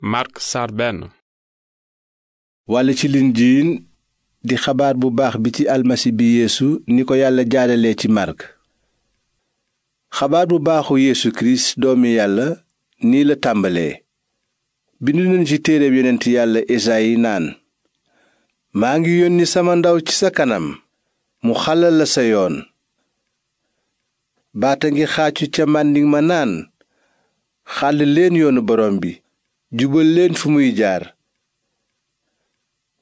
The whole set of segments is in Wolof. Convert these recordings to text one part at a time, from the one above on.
Mark walla ci linjiin di xabaar bu baax bi ci almasi bi yeesu ni ko yàlla jaaralee ci màrk xabaar bu baaxu yéesu kirist doomi yàlla nii la tàmbalee bindu nañu ci téereb yonent yàlla esayi naan maa ngi yónni sama ndaw ci sa kanam mu xalal la sa yoon baata ngi xàccu ca màndiŋ ma naan xàll leen yoonu borom bi jubal leen fu muy jaar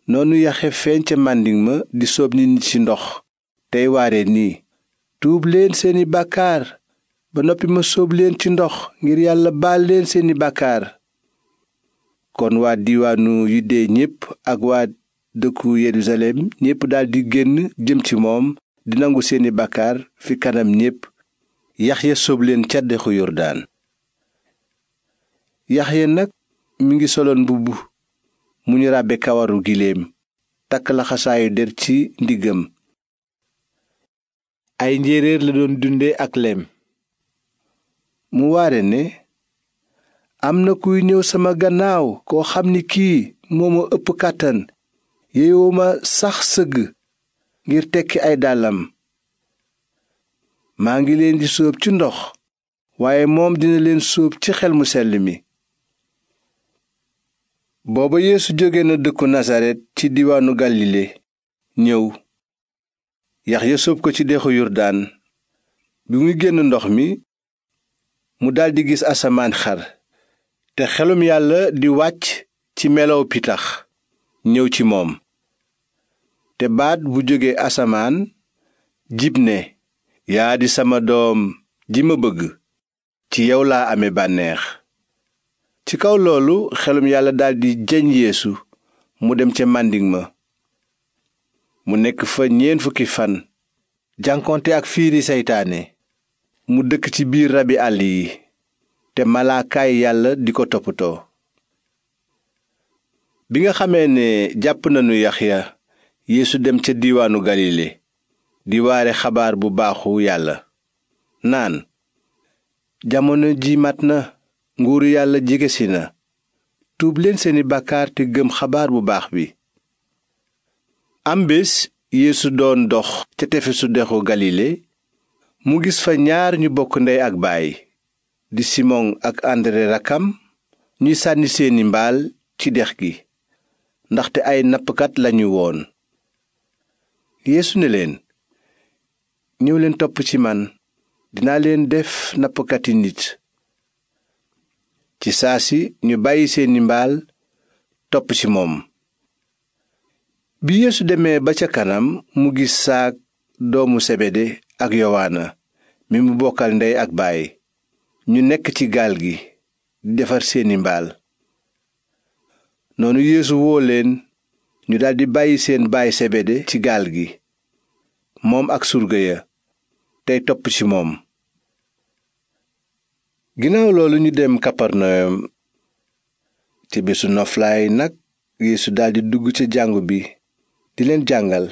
noonu yaxe feeñ ca màndiŋ ma di soob nit ci ndox tey waare nii tuub leen seeni bàkkaar ba noppi ma sóob leen ci ndox ngir yàlla baal leen seeni bàkkaar kon waa diiwaanu yudde ñépp ak waa dëkku yerusalem ñépp daldi génn jëm ci moom di nangu seeni bàkkaar fi kanam ñépp yax sóob leen ca dexu yordaan yaxya mi ngi soloon mbubb mu ràbbe kawaru giléem takk laxasaayu der ci ndiggam ay njéeréer la dunde ak lem mu waare ne am na kuy ñëw sama gannaaw koo xam ni kii moo ëpp kàttan yeyoo sax sëgg ngir tekki ay dàllam maa ngi leen di sóob ci ndox waaye moom dina leen sóob ci xel mu sell mi booba yéesu jóge na dëkku nasaret ci diwaanu galile ñëw yax sóob ko ci dexu yurdaan bi muy génn ndox mi mu daldi gis asamaan xar te xelum yàlla di wàcc ci melow pitax ñëw ci moom te baat bu jóge asamaan jib ne yaa di sama doom ji ma bëgg ci yow laa ame bànneex ci kaw loolu xelum yàlla daldi jeñ yéesu mu dem ca màndiŋ ma mu nekk fa ñeen fukki fan jànkonte ak fiiri seytaane mu dëkk ci biir rabi àll yi te malaakaay yàlla di ko toppatoo bi nga xamee ne jàpp nañu yaxya yéesu dem ca diiwaanu galile di waare xabaar bu baaxu yàlla naan jamono ji mat na nguuru yàlla jegesi na tuub seeni bàkkaar gëm xabaar bu baax bi am bés yeesu doon dox ca tefesu dexu galile mu gis fa ñaar ñu bokk ndey ak baay di simon ak andre rakkam ñuy sànni seeni mbaal ci dex gi ndaxte ay nappkat lañu woon yeesu ne leen ñëw leen topp ci man dinaa leen def nappkati nit ci saa si ñu bàyyi seeni mbaal topp ci moom bi yeesu demee ba ca kanam mu gis saak doomu sebede ak yowaana mi mu bokkal ndey ak baay ñu nekk ci gaal gi di defar seeni mbaal noonu yeesu woo leen ñu daldi bàyyi seen baay sebede ci gaal gi moom ak surga ya tey topp ci moom ginnaaw loolu ñu dem kaparnayom ci bésu noflaay nag yeesu daldi dugg ci jàngu bi di leen jàngal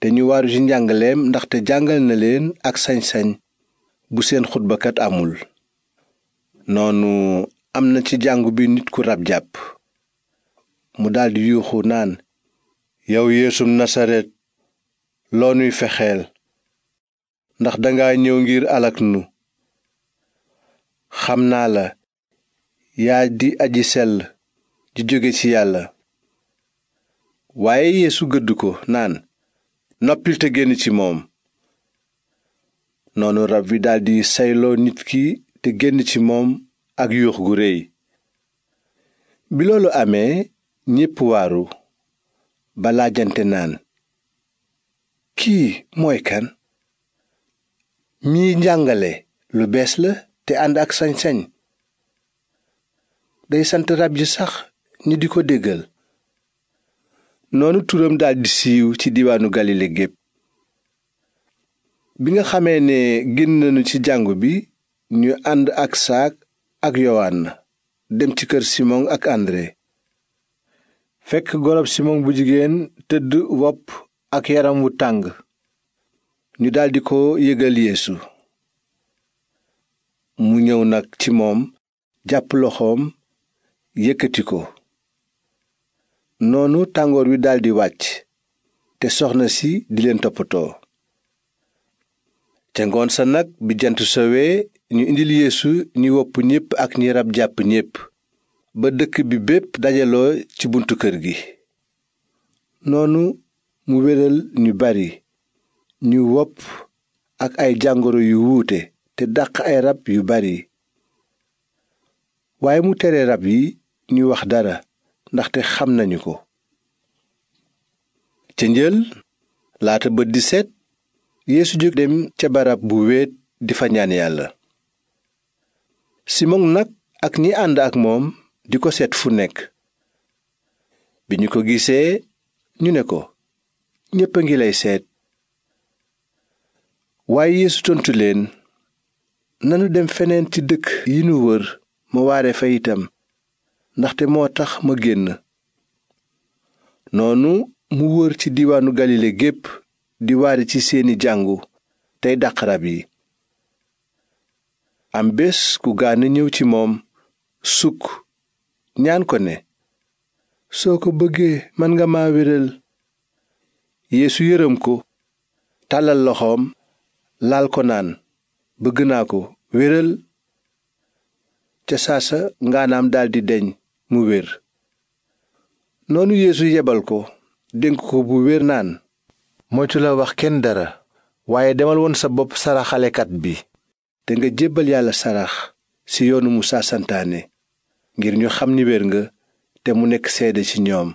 te ñu waaru ci njàngaleem ndaxte jàngal na leen ak sañ-sañ bu seen xutbakat amul noonu am na ci jàngu bi nit ku rab jàpp mu daldi yuuxu naan yow yeesum nasaret loo nuy fexeel ndax danga ñëw ngir alak nu xam naa la yaa di aji sell di jóge ci yàlla waaye yeesu gëdd ko naan noppil te génn ci moom noonu rab wi daldi sayloo nit ki te génn ci moom ak yuux gu réy bi loolu amee ñépp waaru ba laajante naan kii mooy kan mii njàngale lu bees la te ànd ak day sant rab yi sax ñi di ko déggal noonu turam daldi siiw ci diwaanu galile gépp bi nga xamee ne génn nañu ci jàngu bi ñu ànd ak saak ak yowaana dem ci kër simon ak andre fekk gorob simon bu jigéen tëdd wopp ak yaram wu tàng ñu daldi ko yëgal yéesu mu ñëw nag ci moom jàpp loxoom yëkkati ko noonu tàngoor wi daldi wàcc te soxna si di leen toppatoo te ngoon sa nag bi jant sowee ñu indil yéesu ñi wopp ñépp ak ñi rab jàpp ñépp ba dëkk bi bépp dajaloo ci buntu kër gi noonu mu wéral ñu bari ñu wopp ak ay jàngoro yu wuute te dàq ay rab yu bari waaye mu tere rab yi ñuy wax dara ndaxte xam nañu ko ca njël laata bët di seet yeesu jóg dem ca barab bu wéet di fa ñaan yàlla simon nag ak ñi ànd ak moom di ko seet fu nekk bi ñu ko gisee ñu ne ko ñépp a ngi lay seet waaye yeesu tontu leen nanu dem feneen ci dëkk yi nu wër ma waare fa itam ndaxte moo tax ma génn noonu mu wër ci diiwaanu galile gépp di waare ci seeni jàngu tey dàq rab yi am bés ku gaana ñëw ci moom sukk ñaan ko ne soo ko bëggee mën nga ma wéral yéesu yërëm ko tàllal loxoom laal ko naan bëgg naa ko wéral ca saasa ngaanaam daldi deñ mu wér noonu yéesu yebal ko dénk ko bu wér naan moytu la wax kenn dara waaye demal woon sa bopp saraxalekat bi te nga jébbal yàlla sarax ci yoonu musaa ngir ñu xam ni wér nga te mu nekk seede ci ñoom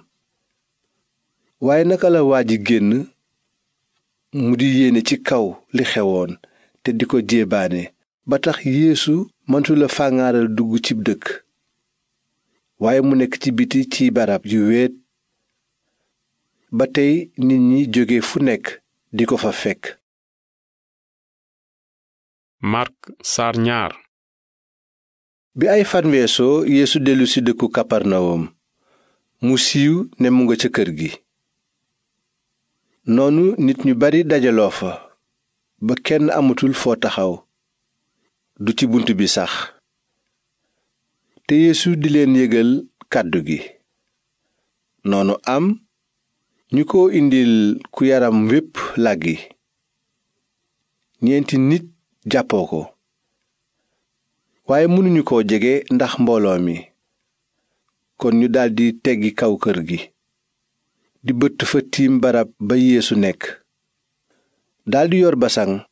waaye naka la waa ji génn mu di yéene ci kaw li xewoon te di ko jéebaane ba tax yeesu mëntula fàngaaral dugg ci dëkk waaye mu nekk ci biti ci barab yu weet ba tey nit ñi jóge fu nekk di ko fa fekk Mark bi ay fan yéesu Yeesu dellu ci dëkku Kaparnawum mu siiw ne mu nga ca kër gi noonu nit ñu bari dajaloo fa ba kenn amatul foo taxaw du ci bunt bi sax te yeesu di leen yëgal kàddu gi noonu am ñu ko indil ku yaram wépp làggi ñeenti nit jàppoo ko waaye mënuñu koo jege ndax mbooloo mi kon ñu daldi teggi kaw kër gi di bëtt fa tiim barab ba yéesu nekk daldi yor basaŋ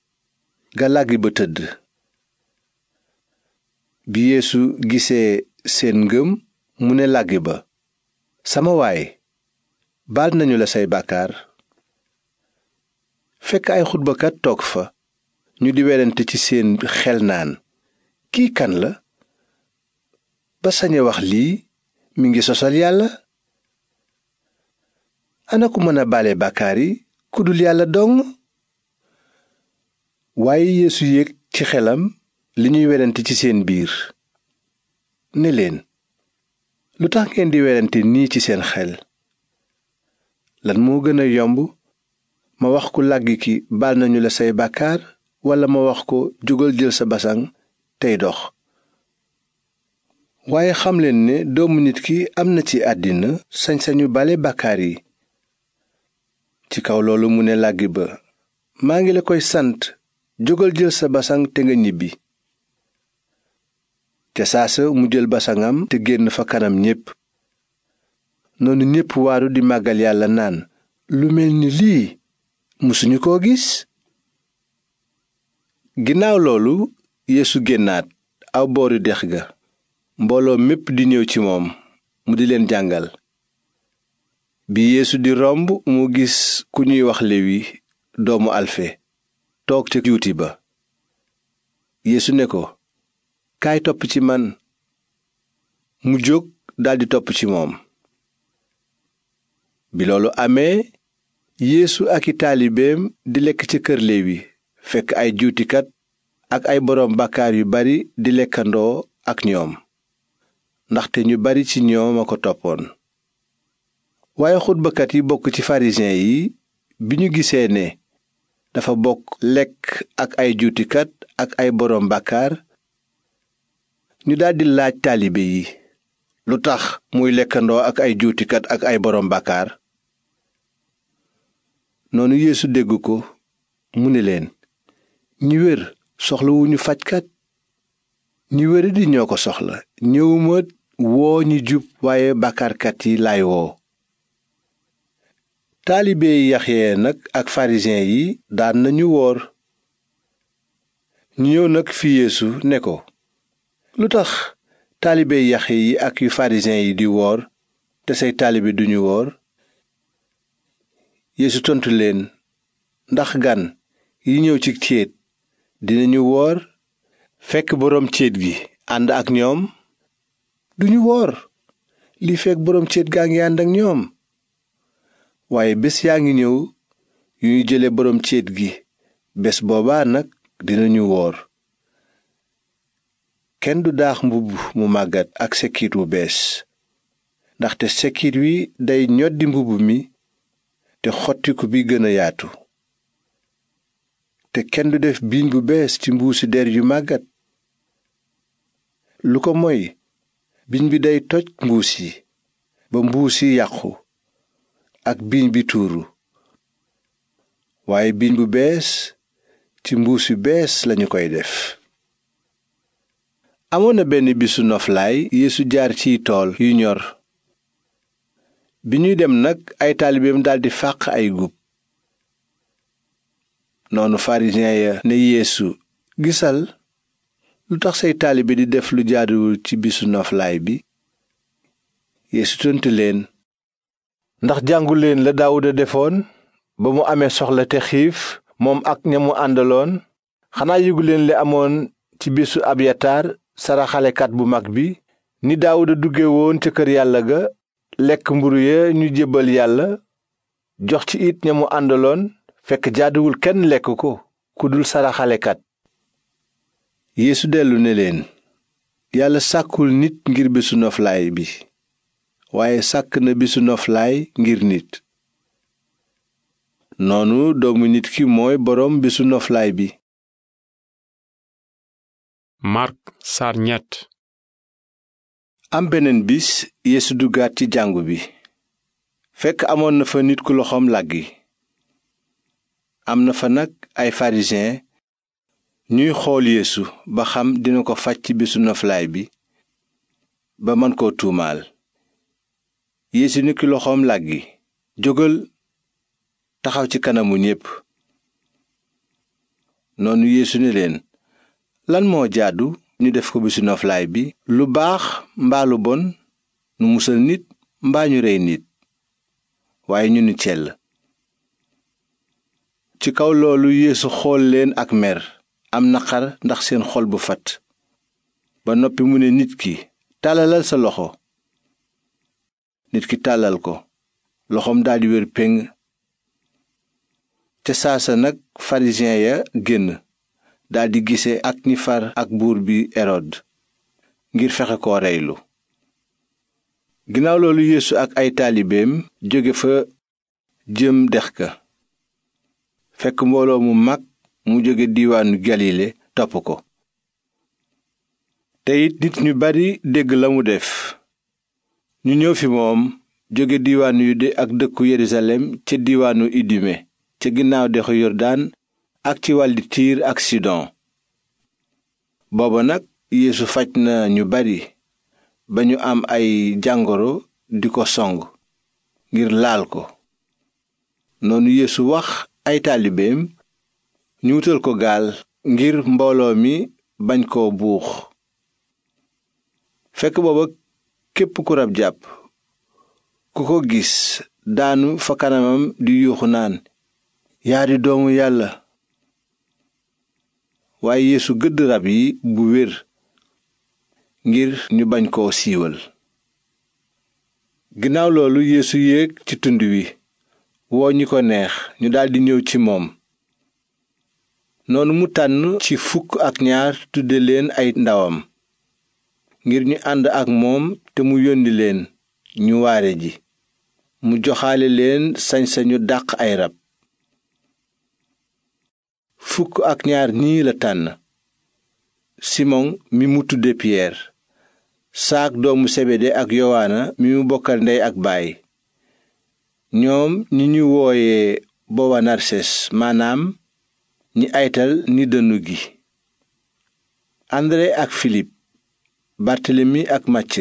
galàggi ba tëdd bi yeesu gisee seen ngëm mu ne làggi ba sama waay baal nañu la say bàkkaar fekk ay xutbakat toog fa ñu di werante ci seen xel naan kii kan la ba wax lii mu ngi sosal yàlla ana ku mën a baale bàkkaar yi ku dul yàlla dong waaye yeesu yéeg ci xelam li ñuy werante ci seen biir ni leen lu tax ngeen di werante nii ci seen xel lan moo gën a yomb ma wax ku làgg ki baal nañu la say bàkkaar walla ma wax ko jógal jël sa basaŋ tey dox waaye xam leen ne doomu nit ki am na ci àddina sañ-sañu bale bàkkaar yi ci kaw loolu mu ne làggi ba maa ngi la koy sant jógal jël sa basang te te saasa mu jël basangam te génn fa kanam ñépp noonu ñépp waaru di màggal yàlla naan lu mel ni lii musuñu koo gis ginnaaw loolu yeesu génnaat aw booru dex ga mbooloo mépp di ñëw ci moom mu di leen jàngal bi yéesu di romb mu gis ku ñuy wax lewi doomu alfe toog ca juuti ba yeesu ne ko kaay topp ci man mu jóg daldi topp ci moom bi loolu amee yéesu ak i taalibeem di lekk ci kër léewi fekk ay juutikat ak ay boroom bàkkaar yu bari di lekkandoo ak ñoom ndaxte ñu bari ci ñoom a ko toppoon waaye xutbakat yi bokk ci pharisien yi bi ñu gisee ne dafa bokk lekk ak ay juutikat ak ay boroom bàkkaar ñu daldi laaj taalibe yi lu tax muy lekkandoo ak ay juutikat ak ay boroom bàkkaar noonu yeesu dégg ko mu ni leen ñi wér soxlawuñu fajkat ñi wéradi ñoo ko soxla ñëwuma woo ñi jub waaye bàkkaarkat yi laay woo taalibe yi yaxye nag ak farisiyen yi daan nañu woor ñu ñëw nag fi yeesu ne ko lu tax taalibe yax yi ak yu farisiyen yi di woor te say taalibe duñu woor yéesu tontu leen ndax gan yi ñëw ci céet dinañu woor fekk boroom céet gi ànd ak ñoom duñu woor li fekk boroom céet gaa ngi ànd ak ñoom waaye bés yaa ngi ñëw yu ñu jële borom céet gi bés boobaa nag dinañu woor kenn du daax mbubb mu màggat ak sekkiit wu bees ndaxte sekkiit wi day ñoddi mbubb mi te xottiku bi gëna yaatu te kenn du def biiñ bu bees ci mbuusi der yu màggat lu ko moy biñ bi day toj mbuus yi ba mbuus yi yàqu ak biiñ bi tuuru waaye biiñ bu bees ci mbuus yu bees lañu koy def amoon na benn bisu noflaay yéesu jaar ciy tool yu ñor bi ñuy dem nag ay taalibeem daldi fàq ay gub noonu farisiyen ya ne yeesu gisal lu tax say taalibe di def lu jaaduwul ci bisu noflaay bi yeesu tontu ndax jànguleen la daawuda defoon ba mu amee soxla te xiif moom ak ñamu mu àndaloon xanaa yëguleen li amoon ci bisu abyataar saraxalekat bu mag bi ni daawuda dugge woon ca kër yàlla ga lekk mburu ya ñu jébbal yàlla jox ci it ña mu àndaloon fekk jaaduwul kenn lekk ko ku dul saraxalekat yéesu dellu ne leen yàlla sàkkul nit ngir bésu noflaay bi waaye sàkk na bisu noflaay ngir nit noonu doomu nit ki mooy boroom bisu noflaay bi Mark sar ñett am beneen ci jàngu bi fekk amoon na fa nit ku loxoom làggi am na fa nag ay pharisien ñuy xool Yeesu ba xam dina ko faj ci bisu noflaay bi ba man koo tuumaal yeesu nukki loxoom làggi jógal taxaw ci kanamu ñépp noonu yeesu ne leen lan moo jaadu ñu def ko bisu noflaay bi lu baax mbaa lu bon nu musal nit mbaa ñu rey nit waaye ñu ni cell ci kaw loolu yeesu xool leen ak mer am naqar ndax seen xol bu fatt ba noppi mu ne nit ki tàllalal sa loxo nit ki tàllal ko loxoom daldi wér te saasa nag farisiyen ya génn daldi gise ak ni far ak buur bi erod ngir fexe ko reylu ginnaaw loolu yeesu ak ay taalibeem jóge fa jëm dex ka fekk mbooloo mu mag mu jóge diiwaanu galile topp ko te bari dégg la mu def ñu ñëw fi moom jóge yu yude ak dëkku yerusalem ca diwaanu idume ca ginnaaw dexu yordaan ak ci wàlli tiir ak sidon booba nag yéesu faj na ñu bari ba ñu am ay jàngoro di ko song ngir laal ko noonu yéesu wax ay taalibeem ñu wutal ko gaal ngir mbooloo mi bañ koo buux képp ku rab jàpp ku ko gis daanu fa kanamam di yuuxu naan yaa di doomu yàlla waaye yeesu gëdd rab yi bu wér ngir ñu bañ koo siiwal ginnaaw loolu yeesu yéeg ci tund wi woo ñi ko neex ñu daldi ñëw ci moom noonu mu tànn ci fukk ak ñaar tudde leen ay ndawam ngir ñu ànd ak moom te mu yónni leen ñu waare ji mu joxale leen sañ-sañu dàq ay rab fukk ak ñaar ñii la tànn simon mi mu tudde piyeer saak doomu sebede ak yowaana mi mu bokkal ndey ak baay ñoom ñi ñuy wooye booba narses maanaam ñi aytal ni dënnu gi andré ak filip bartelemi ak màcc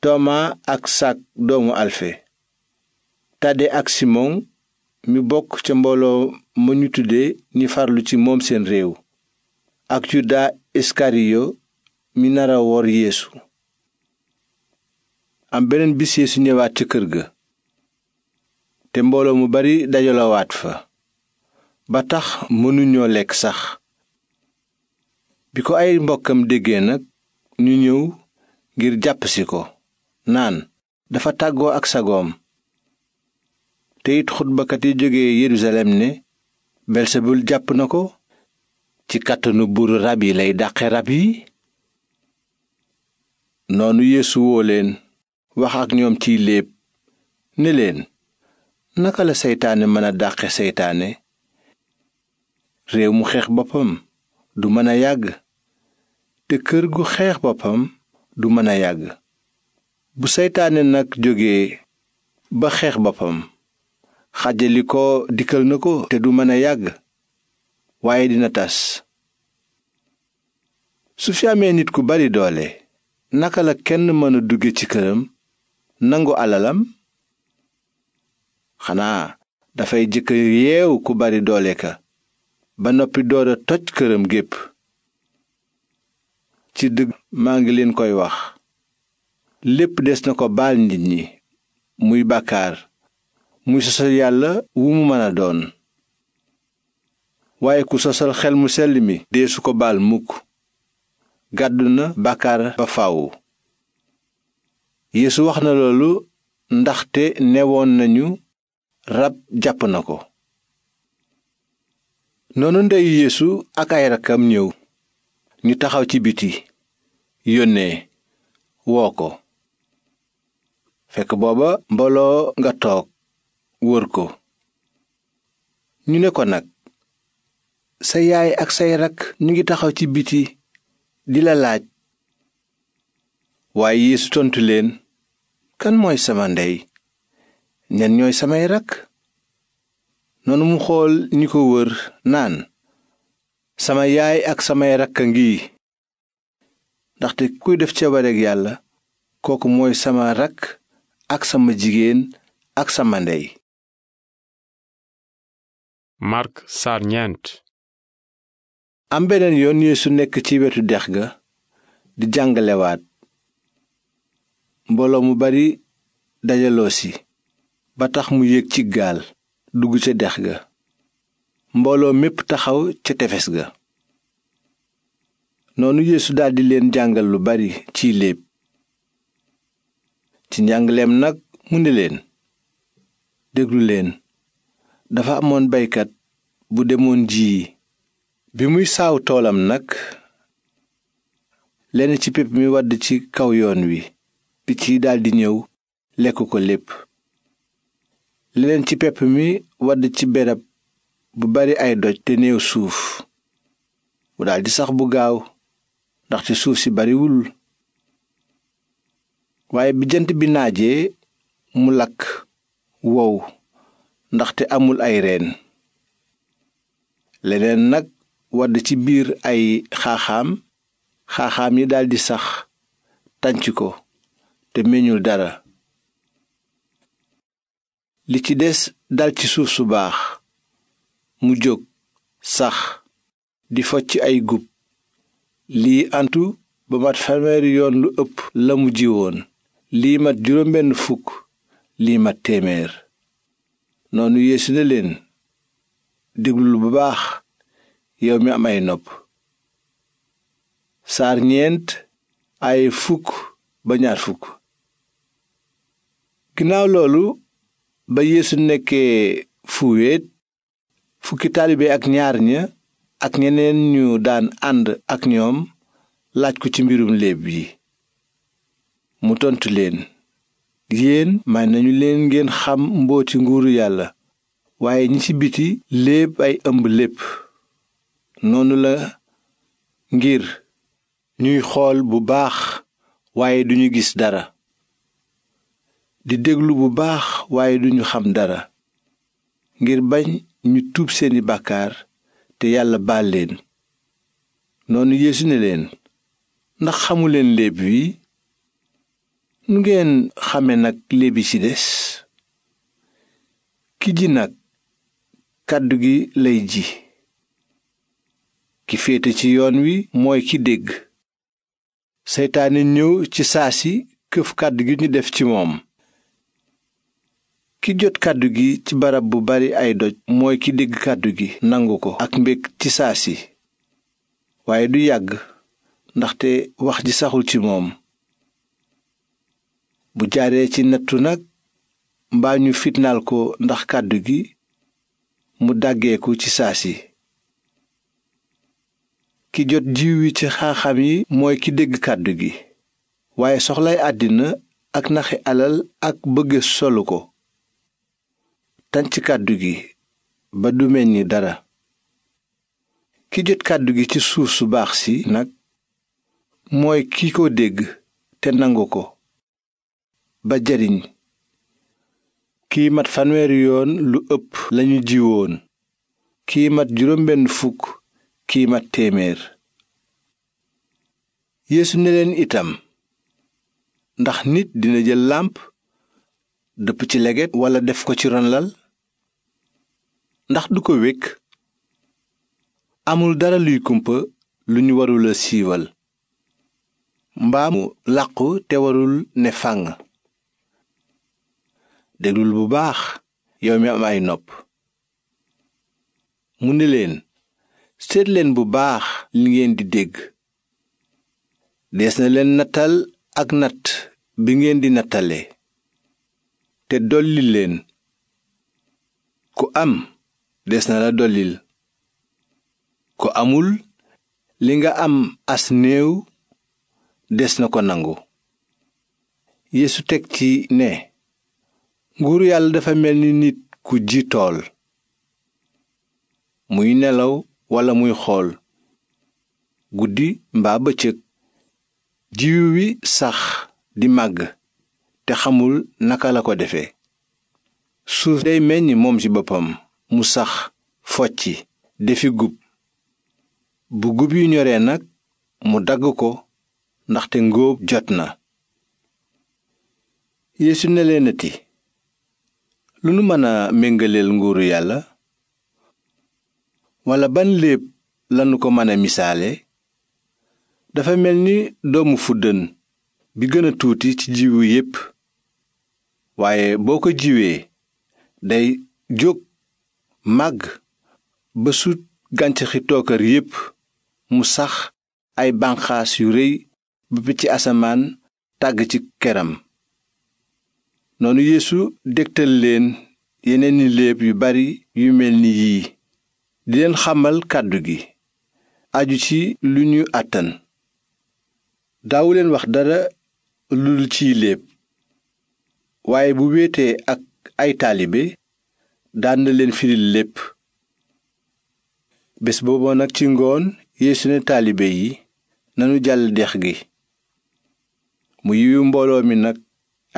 toma ak sak doomu alfe tàdde ak simon mi bokk ca mbooloo ma ñu tudde ni farlu ci moom seen réew ak yuda iskariyo mi nara wor yeesu am beneen bis yeesu ñëwaat ca kër ga te mbooloo mu bari dajalawaat fa ba tax mënuñoo lekk sax bi ko ay mbokkam déggee nag ñu ñëw ngir jàpp si ko naan dafa tàggoo ak sagoom te xutbakat yi jóge yerusalem ne belsebul jàpp na ko ci kàttanu buuru rab yi lay dàqe rab yi noonu yeesu woo leen wax ak ñoom ciy léeb ni leen naka la seytaane mën a dàqe seytaane réew mu xeex boppam du mën a yàgg te kër gu xeex boppam du mën a yàgg bu seytaane nag jóge ba xeex boppam xàjjali ko dikkal na ko te du mën a yàgg waaye dina tas su fi amee nit ku bari doole naka la kenn mën a dugge ci këram nangu alalam xanaa dafay jëkk yeew ku bari doole ka ba noppi door toj këram gépp ci dëgg maa ngi leen koy wax lépp des na ko baal nit ñi muy bàkkaar muy sosal yàlla wu mu mën a doon waaye ku sosal xel mu sell mi deesu ko baal mukk gàddu na bàkkaar ba faaw yeesu wax na loolu ndaxte newoon nañu rab jàpp na ko noonu ndeyu yeesu ak ay rakkam ñëw ñu taxaw ci biti yónnee woo ko fekk booba mbooloo nga toog wër ko ñu ne ko nag sa yaay ak say rakk ñu ngi taxaw ci biti di la laaj waaye Yeesu tontu leen kan mooy sama ndey ñan ñooy samay rakk noonu mu xool ñi ko wër naan sama yaay ak samay rakk a ngi ndaxte kuy def ca yàlla kooku mooy sama rakk ak sama jigéen ak sama Mark saar ñeent am beneen yoon Yeesu nekk ci wetu dex ga di jàngalewaat mbooloo mu bari dajaloo si ba tax mu yéeg ci gaal dugg ca dex ga mbooloo mépp taxaw ca tefes ga noonu yéesu daldi leen jàngal lu bari ci léeb ci njàngaleem nag mu ni leen déglu leen dafa amoon baykat bu demoon ji bi muy saaw toolam nag lenn ci pepp mi wadd ci kaw yoon wi picc ci daldi ñëw lekk ko lépp leneen ci pepp mi wadd ci berab bu bari ay doj te néew suuf mu daldi sax bu gaaw ndax ci suuf si bariwul waaye bijjant bi naaje mu lakk wow ndaxte amul ay reen leneen nag wadd ci biir ay xaaxaam xaaxaam yi daldi sax tànc ko te meñul dara li ci des dal ci suuf su baax mu jóg sax di focc ay gub lii antu ba mat fanweeri yoon lu ëpp la mu jiwoon liimat mat juróom benn fukk lii mat téeméer noonu yeesu ne leen diglu bu baax yow mi am ay nopp saar ñeent ay fukk ba ñaar fukk ginnaaw loolu ba yeesu nekkee fu wéet fukki taalibe ak ñaar ña ak ñeneen ñu daan ànd ak ñoom laaj ko ci mbirum léeb yi mu tontu leen yéen may nañu leen ngeen xam mbooti nguuru yàlla waaye ñi ci biti léeb ay ëmb lépp noonu la ngir ñuy xool bu baax waaye duñu gis dara di déglu bu baax waaye duñu xam dara ngir bañ ñu tuub seeni bàkkaar te yàlla baal leen noonu yeesu ne leen ndax xamuleen léeb wi nu ngeen xame nag lébi ci des ki ji nag kàddu gi lay ji ki féete ci yoon wi mooy ki dégg seytaane ñëw ci saa si këf kàddu gi ñu def ci moom ki jot kàddu gi ci barab bu bari ay doj mooy ki dégg kàddu gi nangu ko ak mbég ci saa si waaye du yàgg ndaxte wax ji saxul ci moom bu jaaree ci nattu nag mbaa ñu fitnaal ko ndax kàddu gi mu dàggeeku ci saasi ki jot jiw wi ci xaaxam yi mooy ki dégg kàddu gi waaye soxlay àddina ak naxi alal ak bëgg solu ko tànc kàddu gi ba du ni dara ki jot kàddu gi ci suuf su baax si nag mooy ki ko dégg te nangu ko ba jariñ kii mat yoon lu ëpp lañu jiwoon kii mat juróom benn itam ndax nit dina jël làmp dëpp ci leget walla def ko ci ron ndax du ko wékk amul dara luy kumpa lu ñu warula siiwal mbaamu làqu te warul ne fànn déglul bu baax yow mi am ay nopp mu ne leen seet leen bu baax li ngeen di dégg des na leen nattal ak natt bi ngeen di nattale te dolli leen ku am des na la dollil ku amul li nga am as néew des na ko nangu Yeesu teg ci ne nguuru yàlla dafa mel ni nit ku ji tool muy nelaw walla muy xool guddi mbaa bëccëg jiw wi sax di màgg te xamul naka la ko defe suuf day meññ moom ci boppam mu sax focci defi gub bu gub yu ñoree nag mu dagg ko ndaxte ngóob jot na yeesu ne lu nu mën a méngaleel nguuru yàlla walla ban léeb lanu ko mën a misaale dafa mel ni doomu fuddën bi gën a tuuti ci jiwu yépp waaye boo ko jiwee day jóg màgg ba su gàncaxi tookar yépp mu sax ay banqaas yu rëy ba ci asamaan tàgg ci keram noonu yéesu dégtal leen yeneeni léeb yu bari yu mel ni yii di leen xamal kàddu gi aju ci lu ñu àttan daawu leen wax dara lul ciy léeb waaye bu wéetee ak ay taalibe daan na leen firil lépp bés booba nag ci ngoon yeesu ne taalibe yi nanu jàll dex gi mu yiwu mbooloo mi nag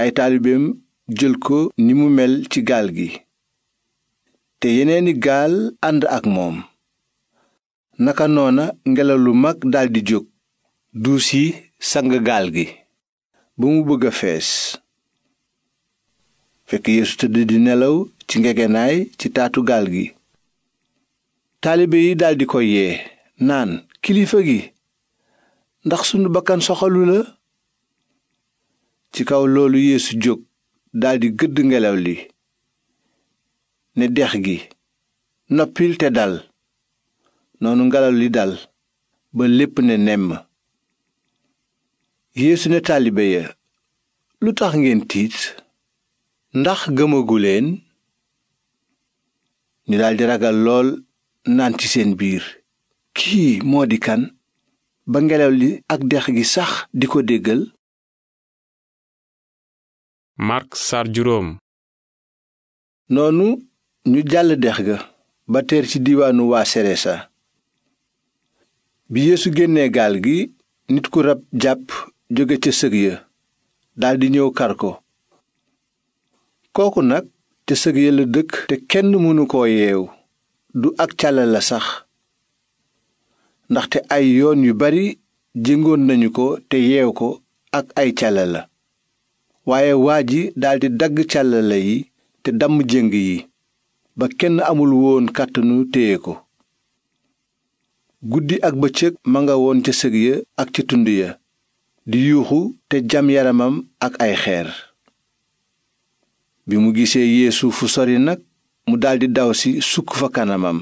ay taalibeem jël ko ni mu mel ci gaal gi te yeneeni gaal ànd ak moom naka noona ngelaw lu mag daldi jóg duus yi sang gaal gi ba mu bëgg a fees fekk yeesu tëdd di nelaw ci ngegenaay ci taatu gaal gi taalibe yi daldi ko yee naan kilifa gi ndax sunu bakkan soxalu la ci kaw loolu yeesu jóg daldi gëdd ngelaw li ne dex gi noppil te dal noonu ngelaw li dal ba lépp ne nemm yéesu ne taalibe ya lu tax ngeen tiit ndax gëmaguleen ñu daldi ragal lool naan ci seen biir kii moo di kan ba ngelaw li ak dex gi sax di ko déggal Mark sar juróom noonu ñu jàll dex ga ba ter ci diiwaanu waa seresa bi yéesu génnee gaal gi nit ku rab jàpp jóge ca sëg ya daldi ñëw kar ko kooku nag ca sëg ya la dëkk te kenn mënu koo yeew du ak càlla la sax ndaxte ay yoon yu bari jéngoon nañu ko te yeew ko ak ay càlla la waaye waa ji daldi dagg càllale yi te damm jëng yi ba kenn amul woon kàttanu téye ko guddi ak bëccëg ma nga woon ca sëg ya ak ci tund ya di yuuxu te jam yaramam ak ay xeer bi mu gisee yeesu fu sori nag mu daldi daw si sukk fa kanamam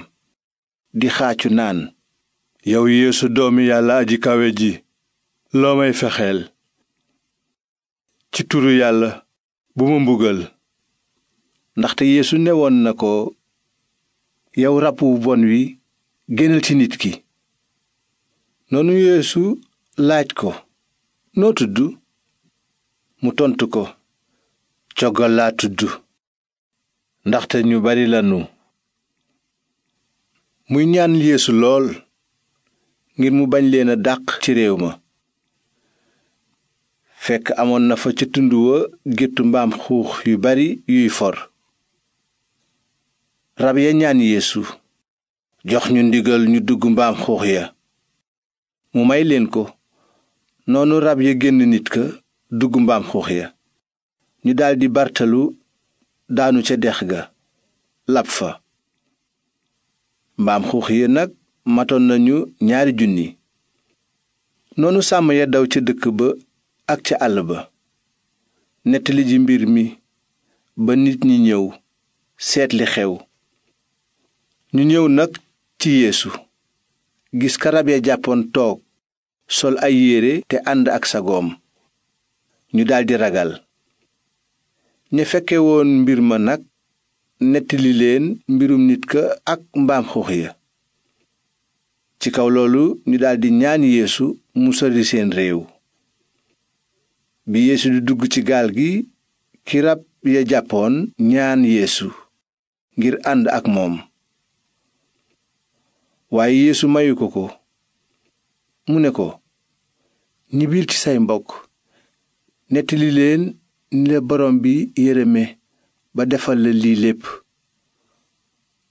di xaacu naan yow yeesu doomi yàlla aji kawe ji loo may fexeel ci turu yàlla bu ma mbugal ndaxte yeesu newoon na ko yow ràbb wu bon wi génnal ci nit ki noonu yéesu laaj ko noo tudd mu tontu ko coggal laa tudd ndaxte ñu bari lanu muy ñaan yéesu lool ngir mu bañ leen dàq ci réew ma fekk amoon na fa ca tund wa géttu mbaam xuux yu bari yuy for rab ya ñaan yeesu jox ñu ndigal ñu dugg mbaam xuux ya mu may leen ko noonu rab ya génn nit ka dugg mbaam xuux ya ñu daldi bartalu daanu ca dex ga lab fa mbaam xuux ya nag matoon nañu ñaari junni noonu sàmm ya daw ca dëkk ba ak ca àll ba nettali ji mbir mi ba nit ñi ñëw seetli xew ñu ñëw nag ci yéesu gis karab ya jàppoon toog sol ay yére te ànd ak sagoom ñu daldi ragal ña fekke woon mbir ma nag nettali leen mbirum nit ka ak mbaam xuux ya ci kaw loolu ñu daldi ñaan yéesu mu sori seen réew bi yeesu di dugg ci gaal gi ki rab ya jàppoon ñaan yeesu ngir ànd ak moom waaye yeesu mayu ko ko mu ne ko ñibbil ci say mbokk nettali leen ni la borom bi yërëme ba defal la lii lépp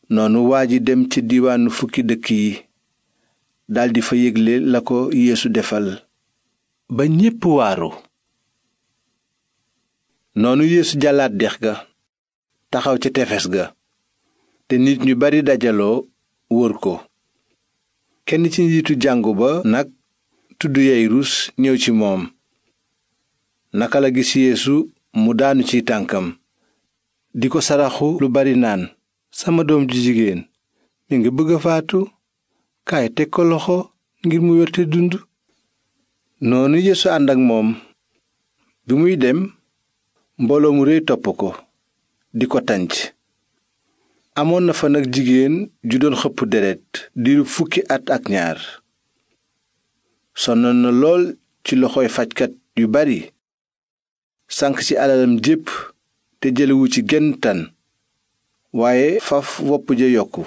noonu waa ji dem ci diwaanu fukki dëkk yi daldi fa yégle la ko yéesu defal ba ñépp waaru noonu yeesu jàllaat dex ga taxaw ca tefes ga te nit ñu bari dajaloo wër ko kenn ci njiitu jàngu ba nag tudd yayrus ñëw ci moom naka la gis yéesu mu daanu ci tànkam di ko saraxu lu bari naan sama doom ju jigéen mi ngi bëgg a faatu kaay teg ko loxo ngir mu wérte dund noonu yeesu ànd ak moom bi muy dem mbooloo mu réy topp ko di ko tànc amoon na fa nag jigéen ju doon xëpp deret diiru fukki at ak ñaar sonnoon na lool ci loxooy fajkat yu bari sanq ci alalam jépp te jëlewu ci genn tan waaye faf wopp ja yokku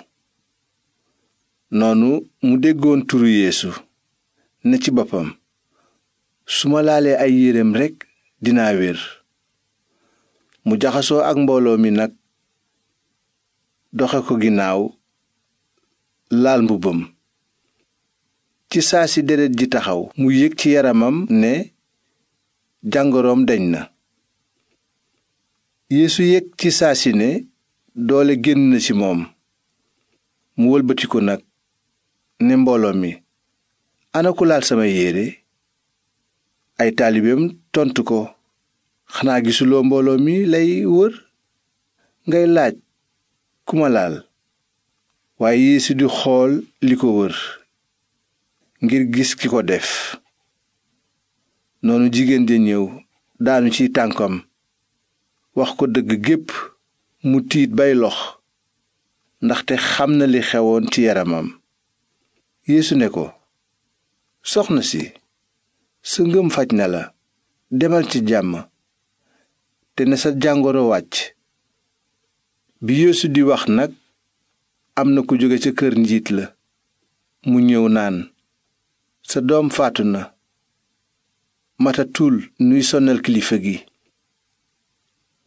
noonu mu déggoon turu yeesu ne ci boppam su ma laalee ay yéreem rekk dinaa wér mu jaxasoo ak mbooloo mi nag doxe ko ginnaaw laal mbubbam ci saa si deret ji taxaw mu yëg ci yaramam ne jàngoroom deñ na yéesu yéeg ci saa si ne doole génn na ci moom mu wëlbatiku nag ne mbooloo mi ana laal sama yére ay taalibeem tontu ko xanaa gisuloo mbooloo mi lay wër ngay laaj ku ma laal waaye yeesu di xool li ko wër ngir gis ki ko def noonu jigéen ja ñëw daanu ci tànkam wax ko dëgg gépp mu tiit bay lox ndaxte xam na li xewoon ci yaramam yeesu ne ko soxna si sa ngëm faj na la demal ci jàmm te na sa jàngoro wàcc bi yeesu di wax nag am na ku jóge ca kër njiit la mu ñëw naan sa doom faatu na matatul nuy sonal kilifa gi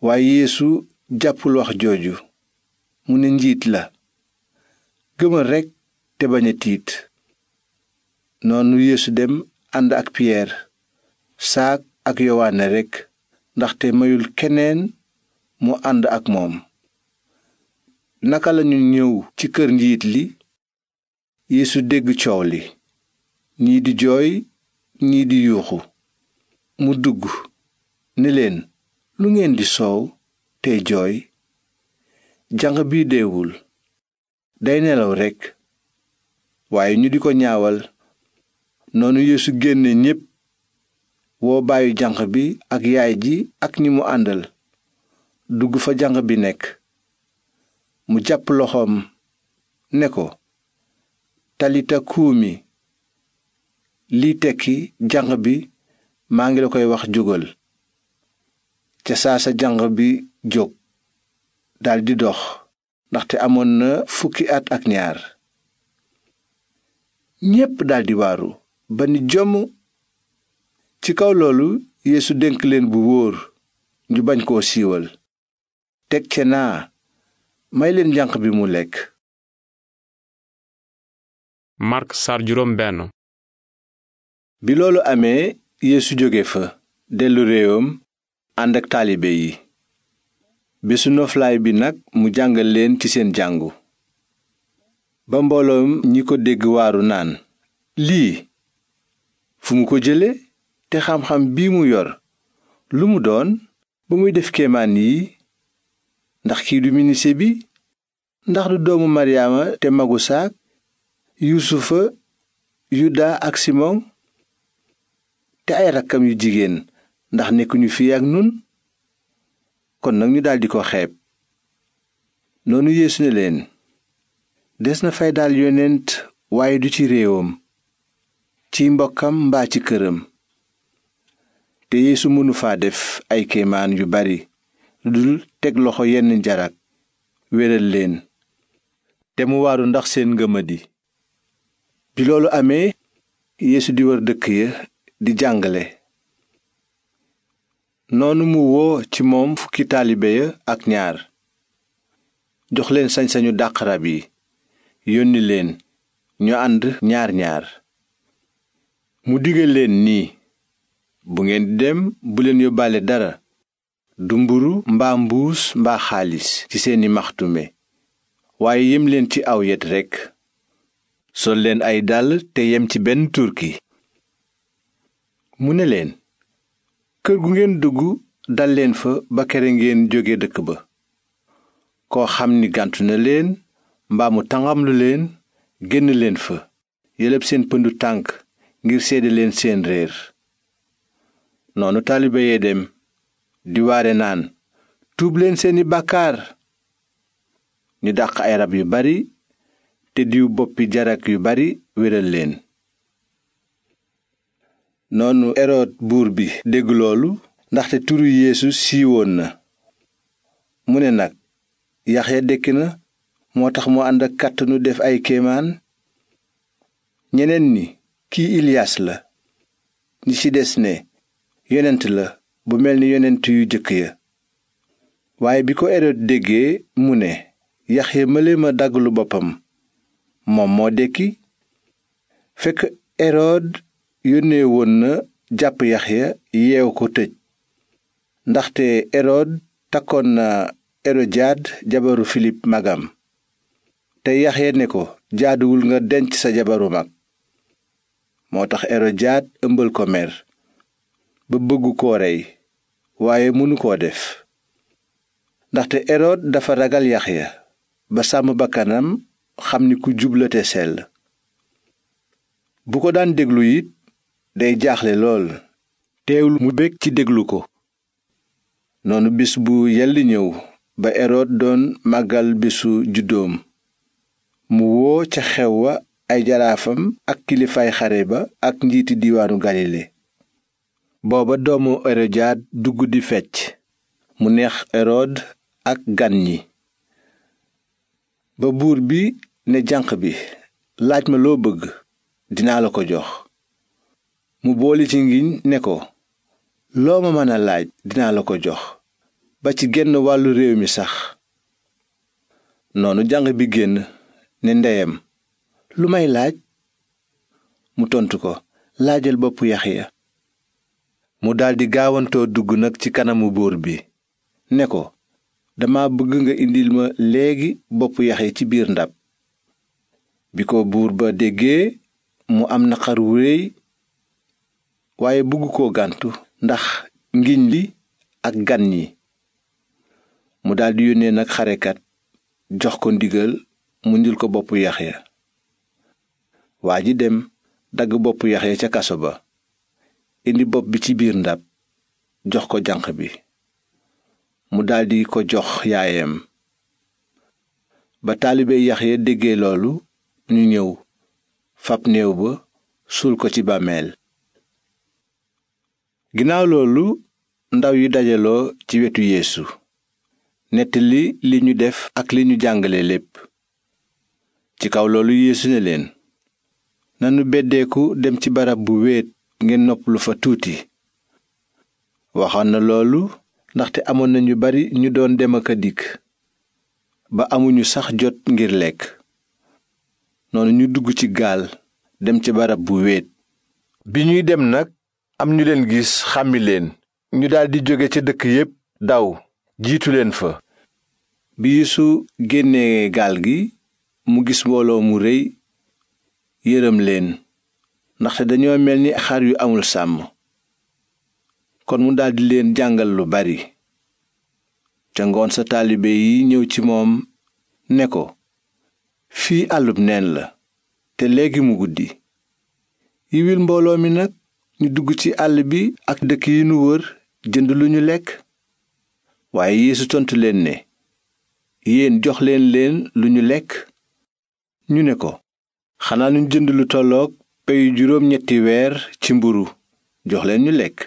waaye yeesu jàppul wax jooju mu ne njiit la gëmal rekk te bañ a tiit noonu yeesu dem ànd ak piyeer saak ak yowaane rekk ndaxte mayul keneen mu ànd ak moom naka lañu ñëw ci kër njiit li yéesu dégg coow li ñii di jooy ñii di yuuxu mu dugg ni leen lu ngeen di soow tey jooy janq bi deewul day nelaw rekk waaye ñu di ko ñaawal noonu yéesu génne ñépp woo bàyyi janq bi ak yaay ji ak ñi mu àndal dugg fa janq bi nekk mu jàpp loxoom ne ko talita kuumi lii tekki janq bi maa ngi la koy wax jógal ca saasa sa janq bi jóg daldi dox ndaxte amoon na fukki at ak ñaar ñépp daldi waaru ba ni jomm ci kaw loolu yeesu dénk leen bu wóor ñu bañ koo siiwal teg ca naa may leen njànq bi mu lekk mark sar juróom bi loolu amee yéesu jóge fa dellu réewam ànd ak taalibe yi bésu noflaay bi nag mu jàngal leen ci seen jàngu ba mbooloom ñi ko dégg waaru naan lii fu mu ko jële te xam-xam bii mu yor lu mu doon ba muy def kéemaan yi ndax kii du minise bi ndax du doomu maryaama te magu saak yuusufa yuda ak simon te ay rakkam yu jigéen ndax nekkuñu fii ak nun kon nag ñu daldi ko xeeb noonu yeesu ne leen des na fay dal yonent waaye du ci réewam ci mbokkam mbaa ci këram te yeesu mënu fa def ay kéemaan yu bari lu dul teg loxo yenn njarag wéral leen te mu waaru ndax seen ngëmadi bi loolu amee yéesu di war dëkk ya di jàngale noonu mu woo ci moom fukki taalibe ya ak ñaar joxleen sañ-sañu dàq rab yi yónni leen ñu ànd ñaar ñaar mu digal leen nii bu ngeen dem bu leen yóbbaale dara du mburu mbaa mbuus mbaa xaalis ci seeni maxtume waaye yem leen ci aw yet rekk sol leen ay dàll te yem ci benn turki mu ne leen kër gu ngeen dugg dal leen fa ba kere ngeen jóge dëkk ba koo xam ni gàntu na leen mbaa mu tangamlu leen génn leen fa yëlëb seen pëndu tànk ngir seede leen seen réer noonu taalibe yee dem di waare naan tuubleen seeni bàkkaar ñu daq ay rab yu bari te diw boppi jarak yu bari wéral leen noonu erod buur bi dégg loolu ndaxte turu yeesu siiwoon na mu ne nag yaxya dekki na moo tax mu ànd ak kàttanu def ay kéemaan ñeneen ni kii iliyas la ñi ci des ne yonent la bu mel ni yonent yu jëkk ya waaye bi ko erod déggee mu ne yaxya male ma daggalu boppam moom moo dekki fekk erod yónnee woon na jàpp yax ya yeew ko tëj ndaxte erod takkoon na erodiyaad jabaru filip magam te yaxya ne ko jaaduwul nga denc sa jabaru mag moo tax erodiyaad ëmbal ko mer ba bëggu ko rey waaye mënu koo def ndaxte erod dafa ragal ya ba sàmm bakkanam xam ni ku jublate sell bu ko daan déglu it day jaaxle lool teewul mu bég ci déglu ko noonu bis bu yelli ñëw ba erod doon màggal bisu juddoom mu woo ca xew wa ay jaraafam ak kilifaay xare ba ak njiiti diwaanu galile booba doomu erojaad dugg di fecc mu neex erod ak gan ñi ba buur bi ne janq bi laaj ma loo bëgg dinaa la ko jox mu booli ci ngiñ ne ko loo ma mën a laaj dinaa la ko jox ba ci genn wàllu réew mi sax noonu janq bi génn ne ndeyam lu may laaj mu tontu ko laajal bopp ya mu daldi gaawantoo dugg nag ci kanamu buur bi ne ko dama bëgg nga indil ma léegi bopp yaxe ci biir ndab bi ko buur ba déggee mu am naqar wu réy waaye bëgg koo gantu ndax ngiñ li ak gan yi mu daldi yónnee nag xarekat jox ko ndigal mu ndil ko bopp Yaxya waa ji dem dagg bopp Yaxya ca kaso ba indi bopp bi ci biir ndab jox ko janq bi mu daldi ko jox yaayam ba taalibe Yaxya déggee loolu ñu ñëw fab néew ba suul ko ci bàmmeel ginnaaw loolu ndaw yi dajaloo ci wetu yeesu nettali li ñu def ak li ñu jàngale lépp ci kaw loolu yeesu ne leen nanu beddeeku dem ci barab bu wéet ngeen noppalu fa tuuti waxoon na loolu ndaxte amoon na ñu bari ñu doon dem ak a dikk ba amuñu sax jot ngir lekk noonu ñu dugg ci gaal dem ci barab bu wéet bi ñuy dem nag am ñu leen gis xàmmi leen ñu daldi jóge ca dëkk yépp daw jiitu leen fa bi Yeesu génnee gaal gi mu gis mbooloo mu rëy yërëm leen ndaxte dañoo mel ni xar yu amul sàmm kon mu daldi leen jàngal lu bari ca ngoon sa taalibe yi ñëw ci moom ne ko fii àllub neen la te léegi mu guddi yiwil mbooloo mi nag ñu dugg ci àll bi ak dëkk yi nu wër jënd lu ñu lekk waaye yeesu tontu leen ne yéen jox leen leen lu ñu lekk ñu ne ko xanaa ñu jënd lu tollook peyu juróom ñetti weer ci mburu jox leen ñu lekk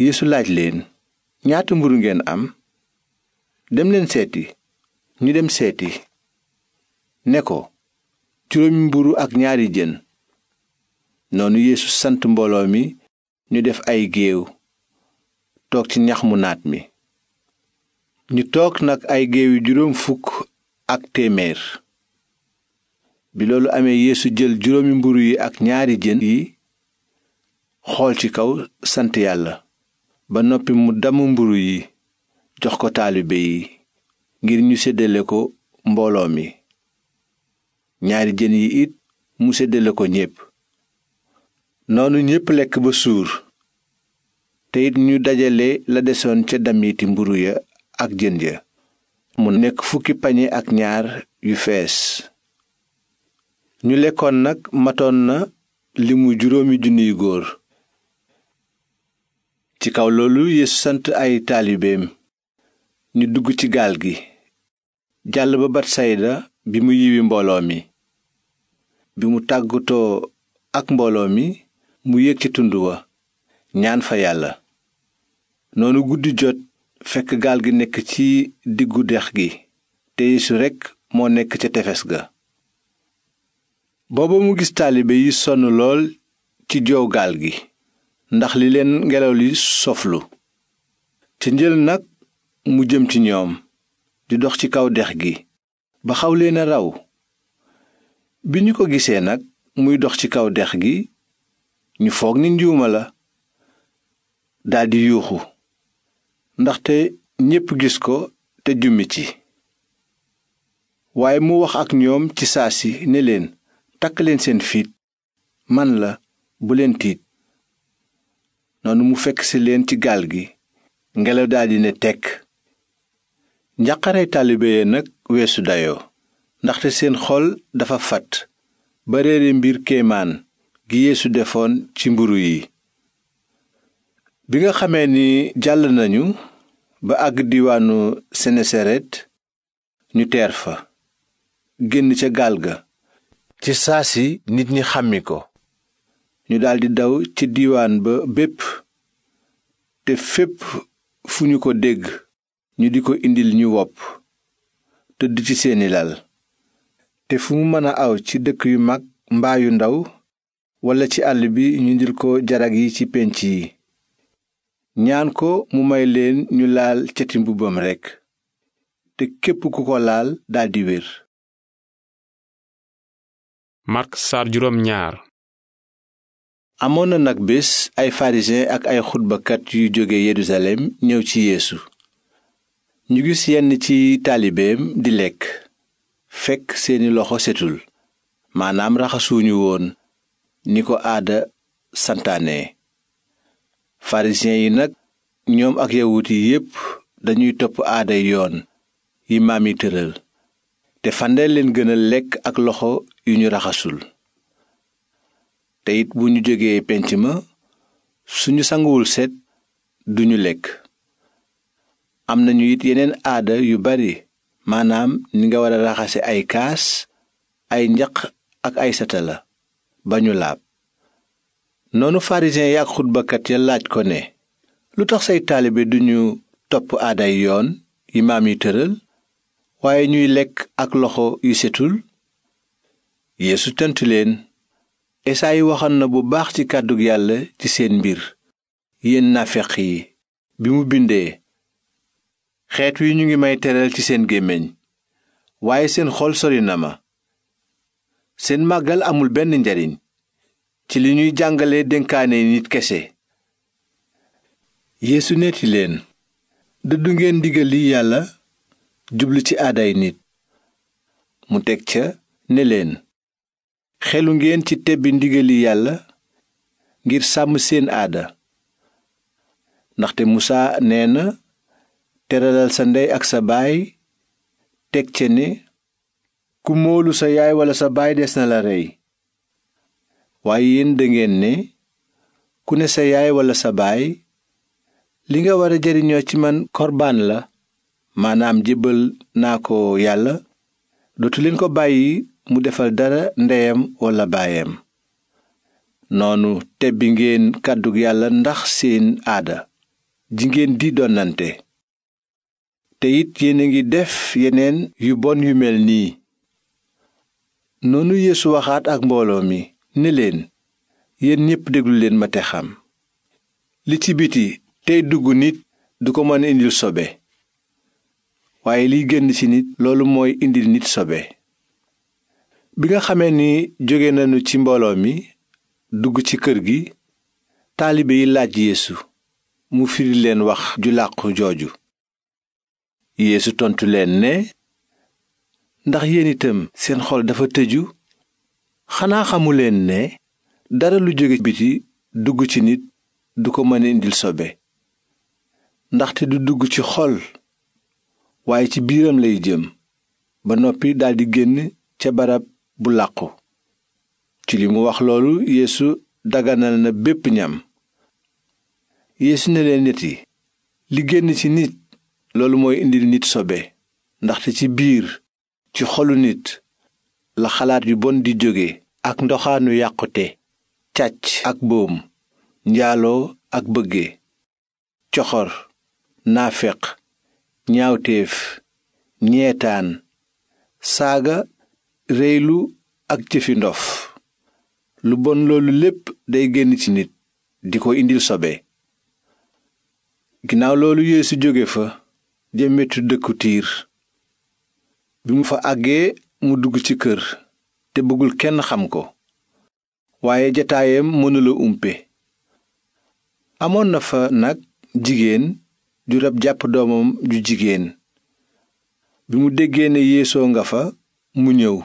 yéesu laaj leen ñaati mburu ngeen am dem leen seeti ñu dem seeti ne ko juróomi mburu ak ñaari jën noonu yéesu sant mbooloo mi ñu def ay géew toog ci ñax mu naat mi ñu toog nag ay géewi juróom fukk ak téeméer bi loolu amee yeesu jël juróomi mburu yi ak ñaari jën yi xool ci kaw sant yàlla ba noppi mu damm mburu yi jox ko taalibe yi ngir ñu seddale ko mbooloo mi ñaari jën yi it mu seddale ko ñépp noonu ñépp lekk ba suur te it ñu dajale la desoon ca damiti mburu ya ak jën ya mu nekk fukki pañe ak ñaar yu fees ñu lekkoon nag matoon na li mu juróomi junniy góor ci kaw loolu yeesu sant ay taalibeem ñu dugg ci gaal gi jàll ba batsayda bi mu yiwi mbooloo mi bi mu tàggatoo ak mbooloo mi mu yéeg ci tund wa ñaan fa yàlla noonu guddi jot fekk gaal gi nekk ci diggu dex gi te yeesu rekk moo nekk ca tefes ga booba mu gis taalibe yi sonn lool ci joow gi ndax li leen ngelaw li soflu ca jël nag mu jëm ci ñoom di dox ci kaw dex gi ba xaw leen a raw bi ñu ko gisee nag muy dox ci kaw dex gi ñu foog ni njuuma la daldi yuuxu ndaxte ñépp gis ko te jummi ci waaye mu wax ak ñoom ci saa si ne leen takk leen seen fit man la bu leen tiit noonu mu fekk si leen ci gaal gi ngelaw daldi ne tekk njàqare taalibe ya nag weesu dayoo ndaxte seen xool dafa fat ba réere mbir kéemaan gi yéesu defoon ci mburu yi bi nga xamee ni jàll nañu ba àgg diwaanu senesaret ñu teer fa génn ca gaal ga ci saa si nit ñi xàmmi ko ñu daldi daw ci diiwaan ba bépp te fépp fu ñu ko dégg ñu di ko indil ñu wopp tëdd ci seeni lal te fu mu mën a aw ci dëkk yu mag mbaa yu ndaw walla ci àll bi ñu ndil ko jarag yi ci pénc yi ñaan ko mu may leen ñu laal cati mbubbam rekk te képp ku ko laal daldi wér Mark saar juróom amoon na nag bés ay pharisien ak ay xutbakat yu jóge Yerusalem ñëw ci yéesu ñu gis yenn ci taalibeem di lekk fekk seeni loxo setul maanaam raxasuñu woon ni ko aada santaane pharisien yi nag ñoom ak yawut yi yépp dañuy topp aada yoon yi maam yi tëral te fande leen gën lekk ak loxo yu ñu raxasul te it bu ñu jógee pénc ma suñu sanguwul set duñu lekk am nañu it yeneen aada yu bari maanaam ni nga war a raxase ay kaas ay njaq ak ay satala ba ñu laab noonu farisiyen yi xutbakat ya laaj ko ne lu tax say taalibe duñu topp aaday yoon yi maam yi tëral waaye ñuy lekk ak loxo yu setul yeesu tontu leen esaayi waxoon na bu baax ci kàddug yàlla ci seen mbir yéen nafeq yi bi mu bindee xeet wi ñu ngi may teral ci seen gémmiñ waaye seen xol sori na ma seen màggal amul benn njariñ ci li ñuy jàngale dénkaane nit kese yéesu neeti leen dëddu ngeen ndigali yàlla jublu ci aaday nit mu teg ca ne leen xelu ngeen ci tebbi ndigali yàlla ngir sàmm seen aada ndaxte musaa nee na teralal sa ndey ak sa baay teg ca ne ku móolu sa yaay walla sa baay des na la rey waaye yéen dangeen ne ku ne sa yaay walla sa baay li nga war a jariñoo ci man korbaan la maanaam jébbal naa ko yàlla dootu leen ko bàyyi mu defal dara ndeyam walla baayam noonu tebbi ngeen kàddu yàlla ndax seen aada ji ngeen di donnante te it yéen a ngi def yeneen yu bon yu mel nii noonu Yeesu waxaat ak mbooloo mi ni leen yéen ñépp déglu leen ma te li ci biti tey dugg nit du ko mën a indil sobe waaye liy génn ci nit loolu mooy indil nit sobe bi nga xamee ni jóge nañu ci mbooloo mi dugg ci kër gi taalibe yi laaj yéesu mu firi leen wax ju làqu jooju yéesu tontu leen ne ndax yéen itam seen xool dafa tëju xanaa xamuleen ne dara lu jóge biti dugg ci nit du ko mën a indil sobe ndaxte du dugg ci xool waaye ci biiram lay jëm ba noppi daldi génn ca barab bu làqu ci li mu wax loolu yeesu daganal na bépp ñam yeesu ne leen yi li génn ci nit loolu mooy indil nit sobe ndaxte ci biir ci xolu nit la xalaat yu bon di jóge ak ndoxaanu yàqute càcc ak boom njaaloo ak bëgge coxor naafeq ñaawteef ñeetaan saaga reylu ak jëfi ndof lu bon loolu lépp day génn ci nit di ko indil sobe ginnaaw loolu yeesu jóge fa jëm dëkku tiir bi mu fa àggee mu dugg ci kër te bëggul kenn xam ko waaye jataayam mënula umpe amoon na fa nag jigéen ju rab jàpp doomam ju jigéen bi mu déggee ne yeesoo nga fa mu ñëw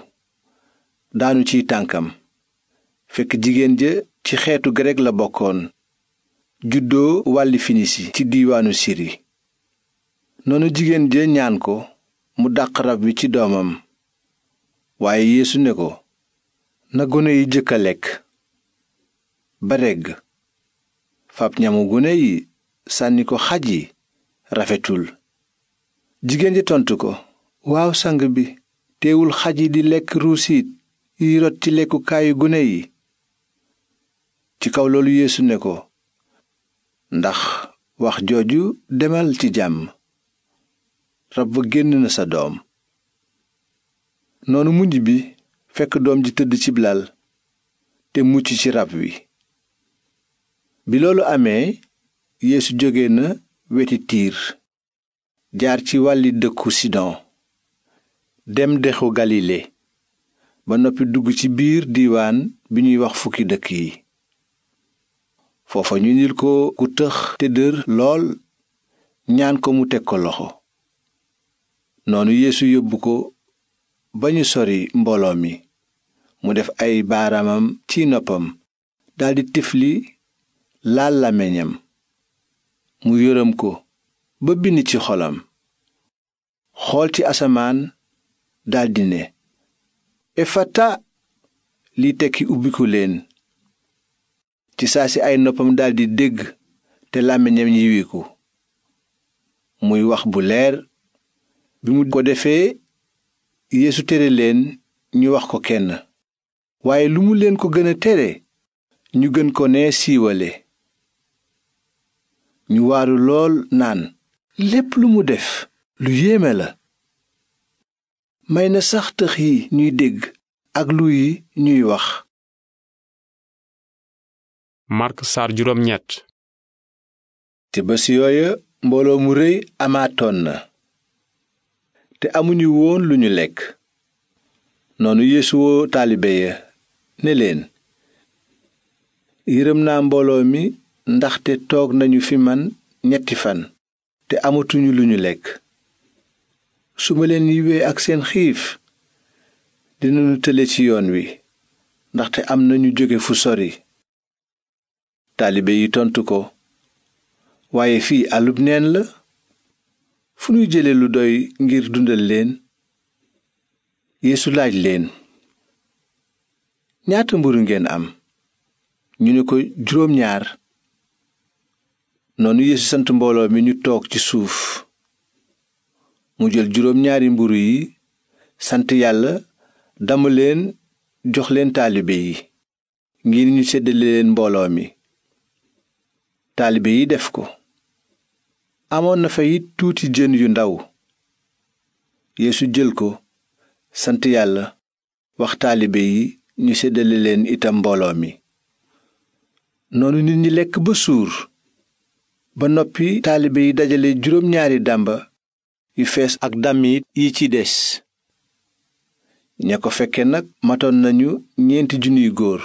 daanu ciy tànkam fekk jigéen ja ci xeetu grek la bokkoon juddoo wàlli finisi ci diiwaanu siri noonu jigéen ja ñaan ko mu dàq rab wi ci doomam waaye yeesu ne ko na gone yi jëkk a lekk ba regg fab ñamu gone yi sànni ko xaj yi rafetul jigéen ji tontu ko waaw sang bi teewul xaj yi di lekk ruusiit yi rot ci lekkukaayu gune yi ci kaw loolu yéesu ne ko ndax wax jooju demal ci jàmm rab ba génn na sa doom noonu mujj bi fekk doom ji tëdd cib lal te mucc ci rab wi bi loolu amee yéesu jóge na weti tiir jaar ci wàlli dëkku sidon dem dexu galile ba noppi dugg ci biir diiwaan bi ñuy wax fukki dëkk yi foofa ñu nil ko ku tëx te dër lool ñaan ko mu teg ko loxo noonu yéesu yóbbu ko ba ñu sori mbooloo mi mu def ay baaraamam ci noppam daldi tifli laal làmmiñam mu yërëm ko ba bind ci xolam xool ci asamaan daldi ne efata li tekki ubbiku leen ci saa si ay noppam daldi dégg te làmmiñam yiwiku muy wax bu leer bi mu ko defee yéesu tere leen ñu wax ko kenn waaye lu mu leen ko gën a tere ñu gën ko ne siiwale ñu waaru lool naan lépp lu mu def lu yéeme la may na sax tëx ñuy dégg ak lu ñuy wax Mark saar juróom te bés yooya mbooloo mu rëy amaatoon na te amuñu woon lu ñu lekk noonu yeesu taalibe ya ne leen yërëm naa mbooloo mi ndaxte toog nañu fi man ñetti fan te amatuñu lu ñu lekk su ma leen yiwee ak seen xiif dinañu tële ci yoon wi ndaxte am nañu jóge fu sori taalibe yi tontu ko waaye fii alub neen la fu ñuy jële lu doy ngir dundal leen yeesu laaj leen ñaata mburu ngeen am ñu ne ko juróom ñaar noonu sant mbooloo mi ñu toog ci suuf mu jël juróom ñaari mburu yi sant yàlla damu leen joxleen leen taalibe yi ngir ñu seddale leen mbooloo mi taalibe yi def ko amoon na fa it tuuti jën yu ndaw yéesu jël ko sant yàlla wax taalibe yi ñu seddale leen itam mbooloo mi noonu nit ñi lekk ba suur ba noppi taalibe yi dajale juróom ñaari dàmba yu fees ak dàmmit yi ci des ña ko fekke nag matoon nañu ñeenti junniy góor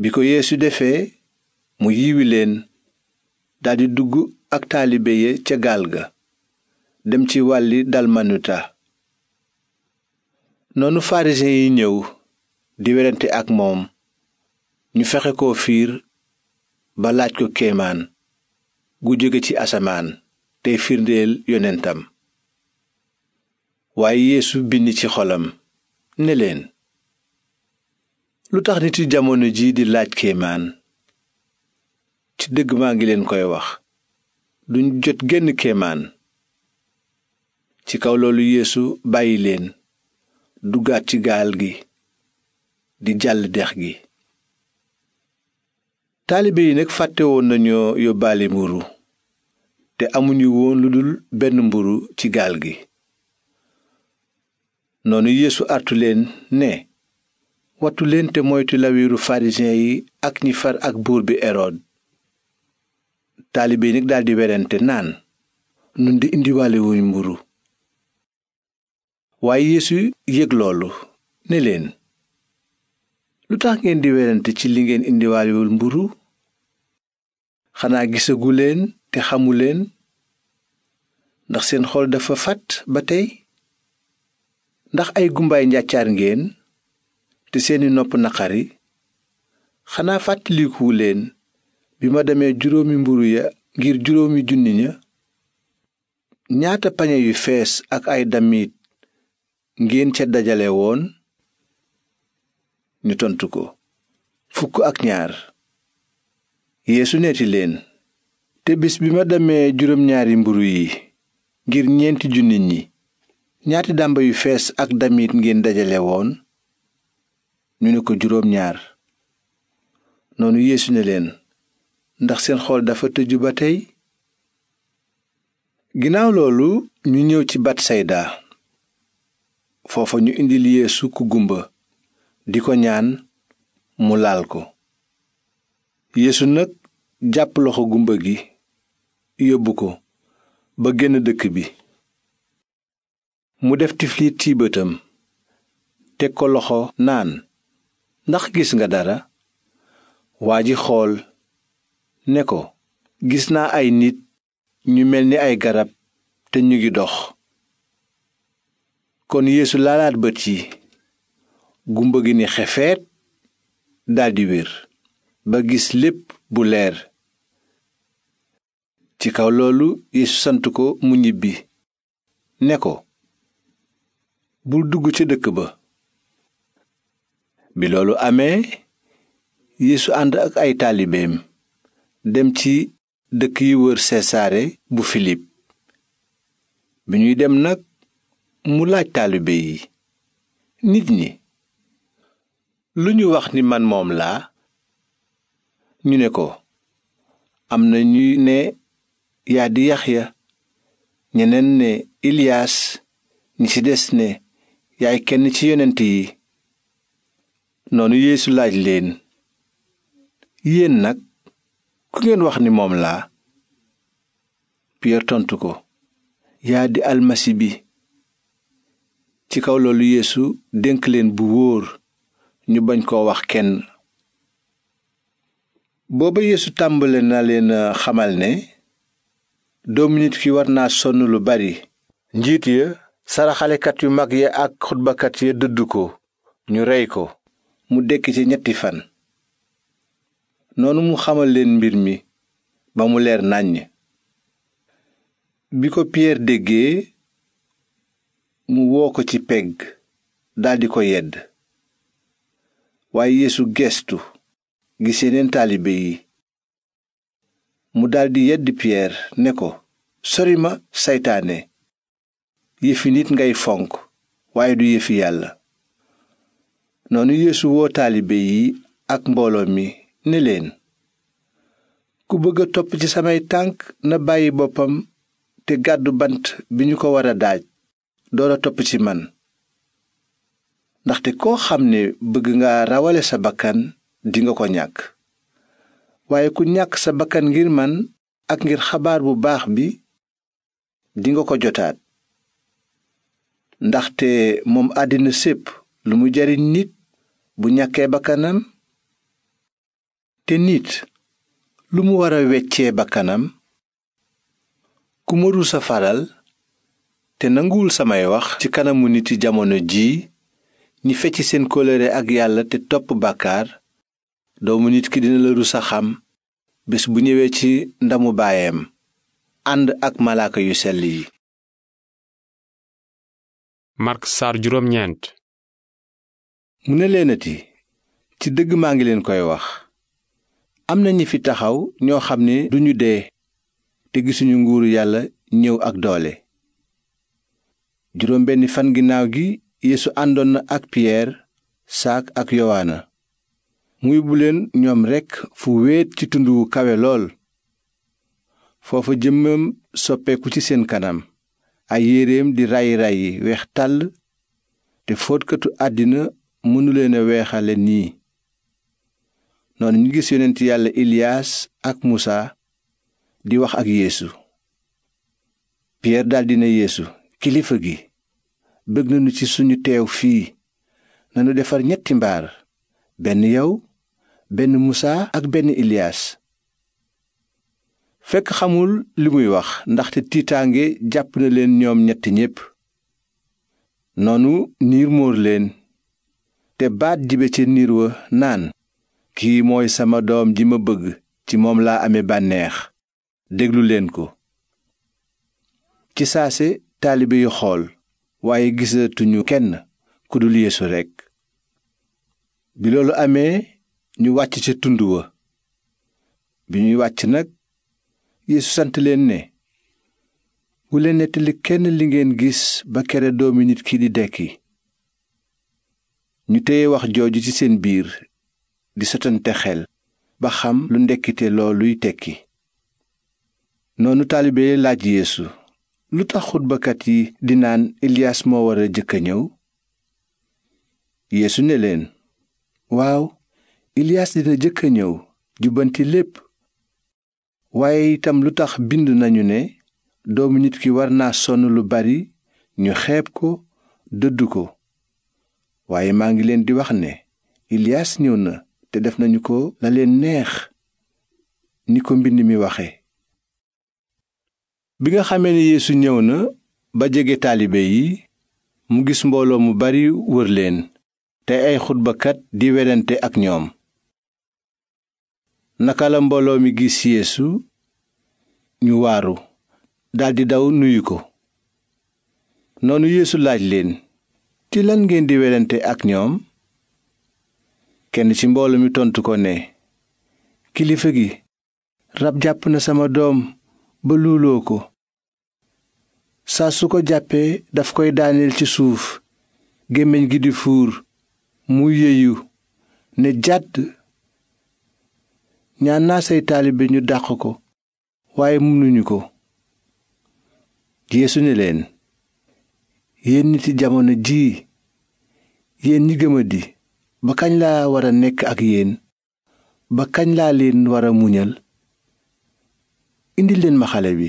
bi ko yéesu defee mu yiwi leen daldi dugg ak taalibe ye ca gaal ga dem ci wàlli dalmanuta noonu farisiyen yi ñëw di werante ak moom ñu fexe koo fiir ba laaj ko kéemaan gu jóge ci asamaan tey firndeel yonentam waaye yeesu bind ci xolam ne leen lu tax nit jamono ji di laaj kéemaan ci dëgg maa ngi leen koy wax duñ jot genn kéemaan ci kaw loolu yéesu bàyyi leen duggaat ci gaal gi di jàll dex gi taalibe yi nag fàttewoon woon nañoo yóbbaale mburu te amuñu woon lu dul benn mburu ci gaal gi noonu yeesu artu leen ne wattu leen te moytu lawiru farisiyen yi ak ñi far ak buur bi erod taalibe yi nag daldi werante naan nun di indiwaale wuñ mburu waaye yéesu yëg loolu ne leen lu tax ngeen di werante ci li ngeen indiwaalewul mburu xanaa gisagu leen te xamu leen ndax seen xool dafa fatt ba tey ndax ay gumbaay njàccaar ngeen te seeni nopp naqari xanaa leen bi ma demee juróomi mburu ya ngir juróomi junni ña ñaata pañe yu fees ak ay damit ngeen ca dajale woon ñu tontu ko fukk ak ñaar yeesu neeti leen te bis bi ma demee juróom ñaari mburu yi ngir ñeenti junni ñi ñaati dàmba yu fees ak damit ngeen dajale woon ñu ne ko juróom ñaar noonu yeesu ne leen ndax seen xool dafa tëju ba tey ginnaaw loolu ñu ñëw ci batsayda foofa ñu indil yeesu gumba di ko ñaan mu laal ko yéesu nag jàpp loxo gumba gi yóbbu ko ba génn dëkk bi mu def tiflit ci bëtam teg ko loxo naan ndax gis nga dara waa ji xool ne ko gis naa ay nit ñu mel ni ay garab te ñu ngi dox kon yéesu laalaat bët yi gumba gi ni xefeet daldi ba gis lépp bu leer ci kaw loolu yeesu sant ko mu ñibbi ne ko bul dugg ca dëkk ba bi loolu amee yeesu ànd ak ay taalibeem dem ci dëkk yi wër sesaare bu filip bi ñuy dem nag mu laaj taalibe yi nit ñi lu ñu wax ni man moom laa ñu ne ko am na ñuy ne yaa di yaxya ñeneen ne iliyaas ñi ci des ne yaay kenn ci yonent yi noonu yéesu laaj leen yéen nag ku ngeen wax ni moom la piyeer tontu ko yaa di almasi bi ci kaw loolu yéesu dénk leen bu wóor ñu bañ koo wax kenn booba yeesu tàmbale na leen xamal ne doomu nit fi war naa sonn lu bari njiit ya saraxalekat yu mag ya ak xutbakat ya dëdd ko ñu rey ko mu dekk ci ñetti fan noonu mu xamal leen mbir mi ba mu leer nàññ bi ko piyeer déggee mu woo ko ci pegg daldi ko yedd waaye gestu gis yeneen taalibe mu daldi yedd piyeer ne ko sori ma seytaane yëfi nit ngay fonk waaye du yëfi yàlla noonu yeesu woo taalibe yi ak mbooloo mi ni leen ku bëgg a topp ci samay tànk na bàyyi boppam te gàddu bant bi ñu ko war a daaj door a topp ci man ndaxte koo xam ne bëgg nga rawale sa bakkan dinga ko ñàkk waaye ku ñàkk sa bakkan ngir man ak ngir xabaar bu baax bi dinga ko jotaat ndaxte moom àddina sépp lu mu jariñ nit bu ñàkkee bakkanam te nit lu mu war a weccee bakkanam ku ma sa faral te nanguwul samay wax ci kanamu niti jamono jii ñi fecc seen kóllëre ak yàlla te topp bàkkaar doomu nit ki dina la rus bés bu ñëwee ci ndamu baayam ànd ak malaaka yu sell yi Mark saar juróom mu ne leenati ci dëgg maa ngi leen koy wax am na ñi fi taxaw ñoo xam ne duñu dee te gisuñu nguuru yàlla ñëw ak doole juróom benni fan ginnaaw gi yeesu àndoon na ak piyeer saak ak yowaana mu yóbbu ñoom rekk fu wéet ci tund wu kawe lool foofa jëmmam soppeeku ci seen kanam ay yéreem di rayi rayi weex tàll te fóotkatu àddina mënuleen a weexale nii noonu ñu gis yonent yàlla iliyaas ak musa di wax ak yéesu piyeer daldi ne yeesu gi bëgg nañu ci suñu teew fii nanu defar ñetti mbaar benn yow benn musaa ak benn iliyaas fekk xamul li muy wax ndaxte tiitaange jàpp na leen ñoom ñett ñépp noonu niir móor te baat jibe ca niir wa naan kii mooy sama doom ji ma bëgg ci moom laa amee bànneex déglu leen ko ci saase taalibe yu xool waaye gisatuñu kenn ku dul yeesu rekk bi loolu amee ñu wàcc ca tund wa bi ñuy wàcc nag yeesu sant leen ne bu leen nettali kenn li ngeen gis ba kere doomi nit ki di dekki ñu téye wax jooju ci seen biir di sotante xel ba xam lu ndekkite looluy tekki noonu taalibe laaj yeesu lu tax xutbakat yi di naan Elias moo war a jëkk a ñëw Yeesu ne leen waaw Elias dina jëkk a ñëw jubanti lépp waaye itam lu tax bind nañu ne doomu nit ki war naa sonn lu bari ñu xeeb ko dëdd ko waaye maa ngi leen di wax ne Elias ñëw na te def nañu ko la leen neex ni ko mbind mi waxe bi nga xamee ne yeesu ñëw na ba jege taalibe yi mu gis mbooloo mu bari wër leen te ay xutbakat di werante ak ñoom naka la mbooloo mi gis yéesu ñu waaru daldi daw nuyu ko noonu yéesu laaj leen ci lan ngeen di werante ak ñoom kenn ci mbooloo mi tontu ko ne kilifa gi rab jàpp na sama doom ba luuloo ko saa su ko jàppee daf koy daaneel ci suuf gémmiñ gi di fuur mu yeyu ne jàdd ñaan naa say taalibe ñu dàq ko waaye mënuñu ko yeesu ne leen yéen niti jamono jii yéen ñi di ba kañ laa war a nekk ak yéen ba kañ laa leen war a muñal indil leen ma xale bi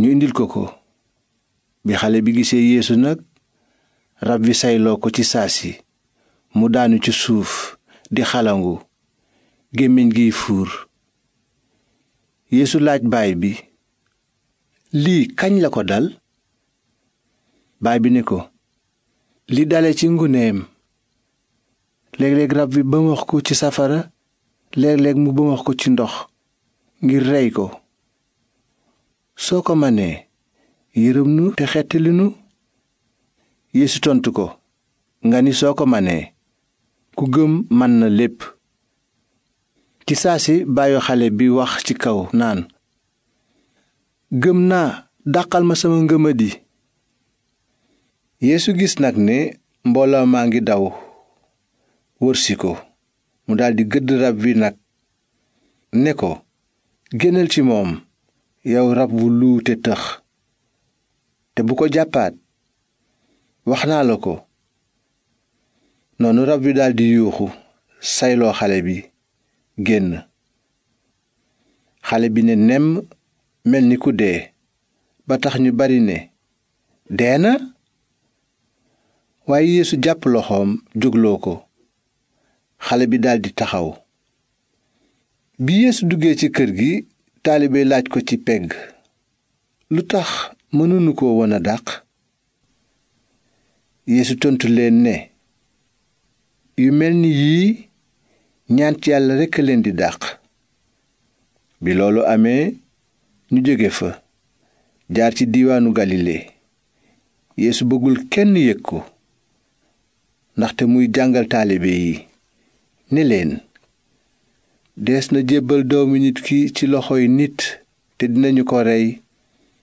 ñu indil ko ko bi xale bi gisee yéesu nag rab wi sayloo ko ci saa si mu daanu ci suuf di xalangu gémmiñ giy fuur yéesu laaj baay bi lii kañ la ko dal baay bi ne ko li dale ci nguneem léeg-léeg rab wi bëmax ko ci safara léeg-léeg mu bëmax ko ci ndox ngir rey ko soo ko manee yërëm nu te xettali nu tontu ko nga ni soo ko manee ku gëm man na lépp ci saa si bàyyu xale bi wax ci kaw naan gëm naa dàqal ma sama ngëma ngëmadi yéesu gis nag ne mbooloo maa ngi daw wërsi ko mu daldi gëdd rab wi nag ne ko génnal ci moom yow rab wu luu te tëx te bu ko jàppaat wax naa la ko noonu rab wi daldi yuuxu sayloo xale bi génn xale bi ne nemm mel ni ku dee ba tax ñu bari ne dee na waaye yéesu jàpp loxoom jógloo ko xale bi daldi taxaw bi yeesu duggee ci kër gi taalibe laaj ko ci pegg lu tax mënuñu ko won dàq yéesu tontu leen ne yu mel ni yii ñaant yàlla rekk a leen di dàq bi loolu amee ñu jóge fa jaar ci diiwaanu galile yéesu bëggul kenn yëg ko ndaxte muy jàngal taalibe yi ne leen dees na jébbal doomu nit ki ci loxo loxoy nit te dinañu ko rey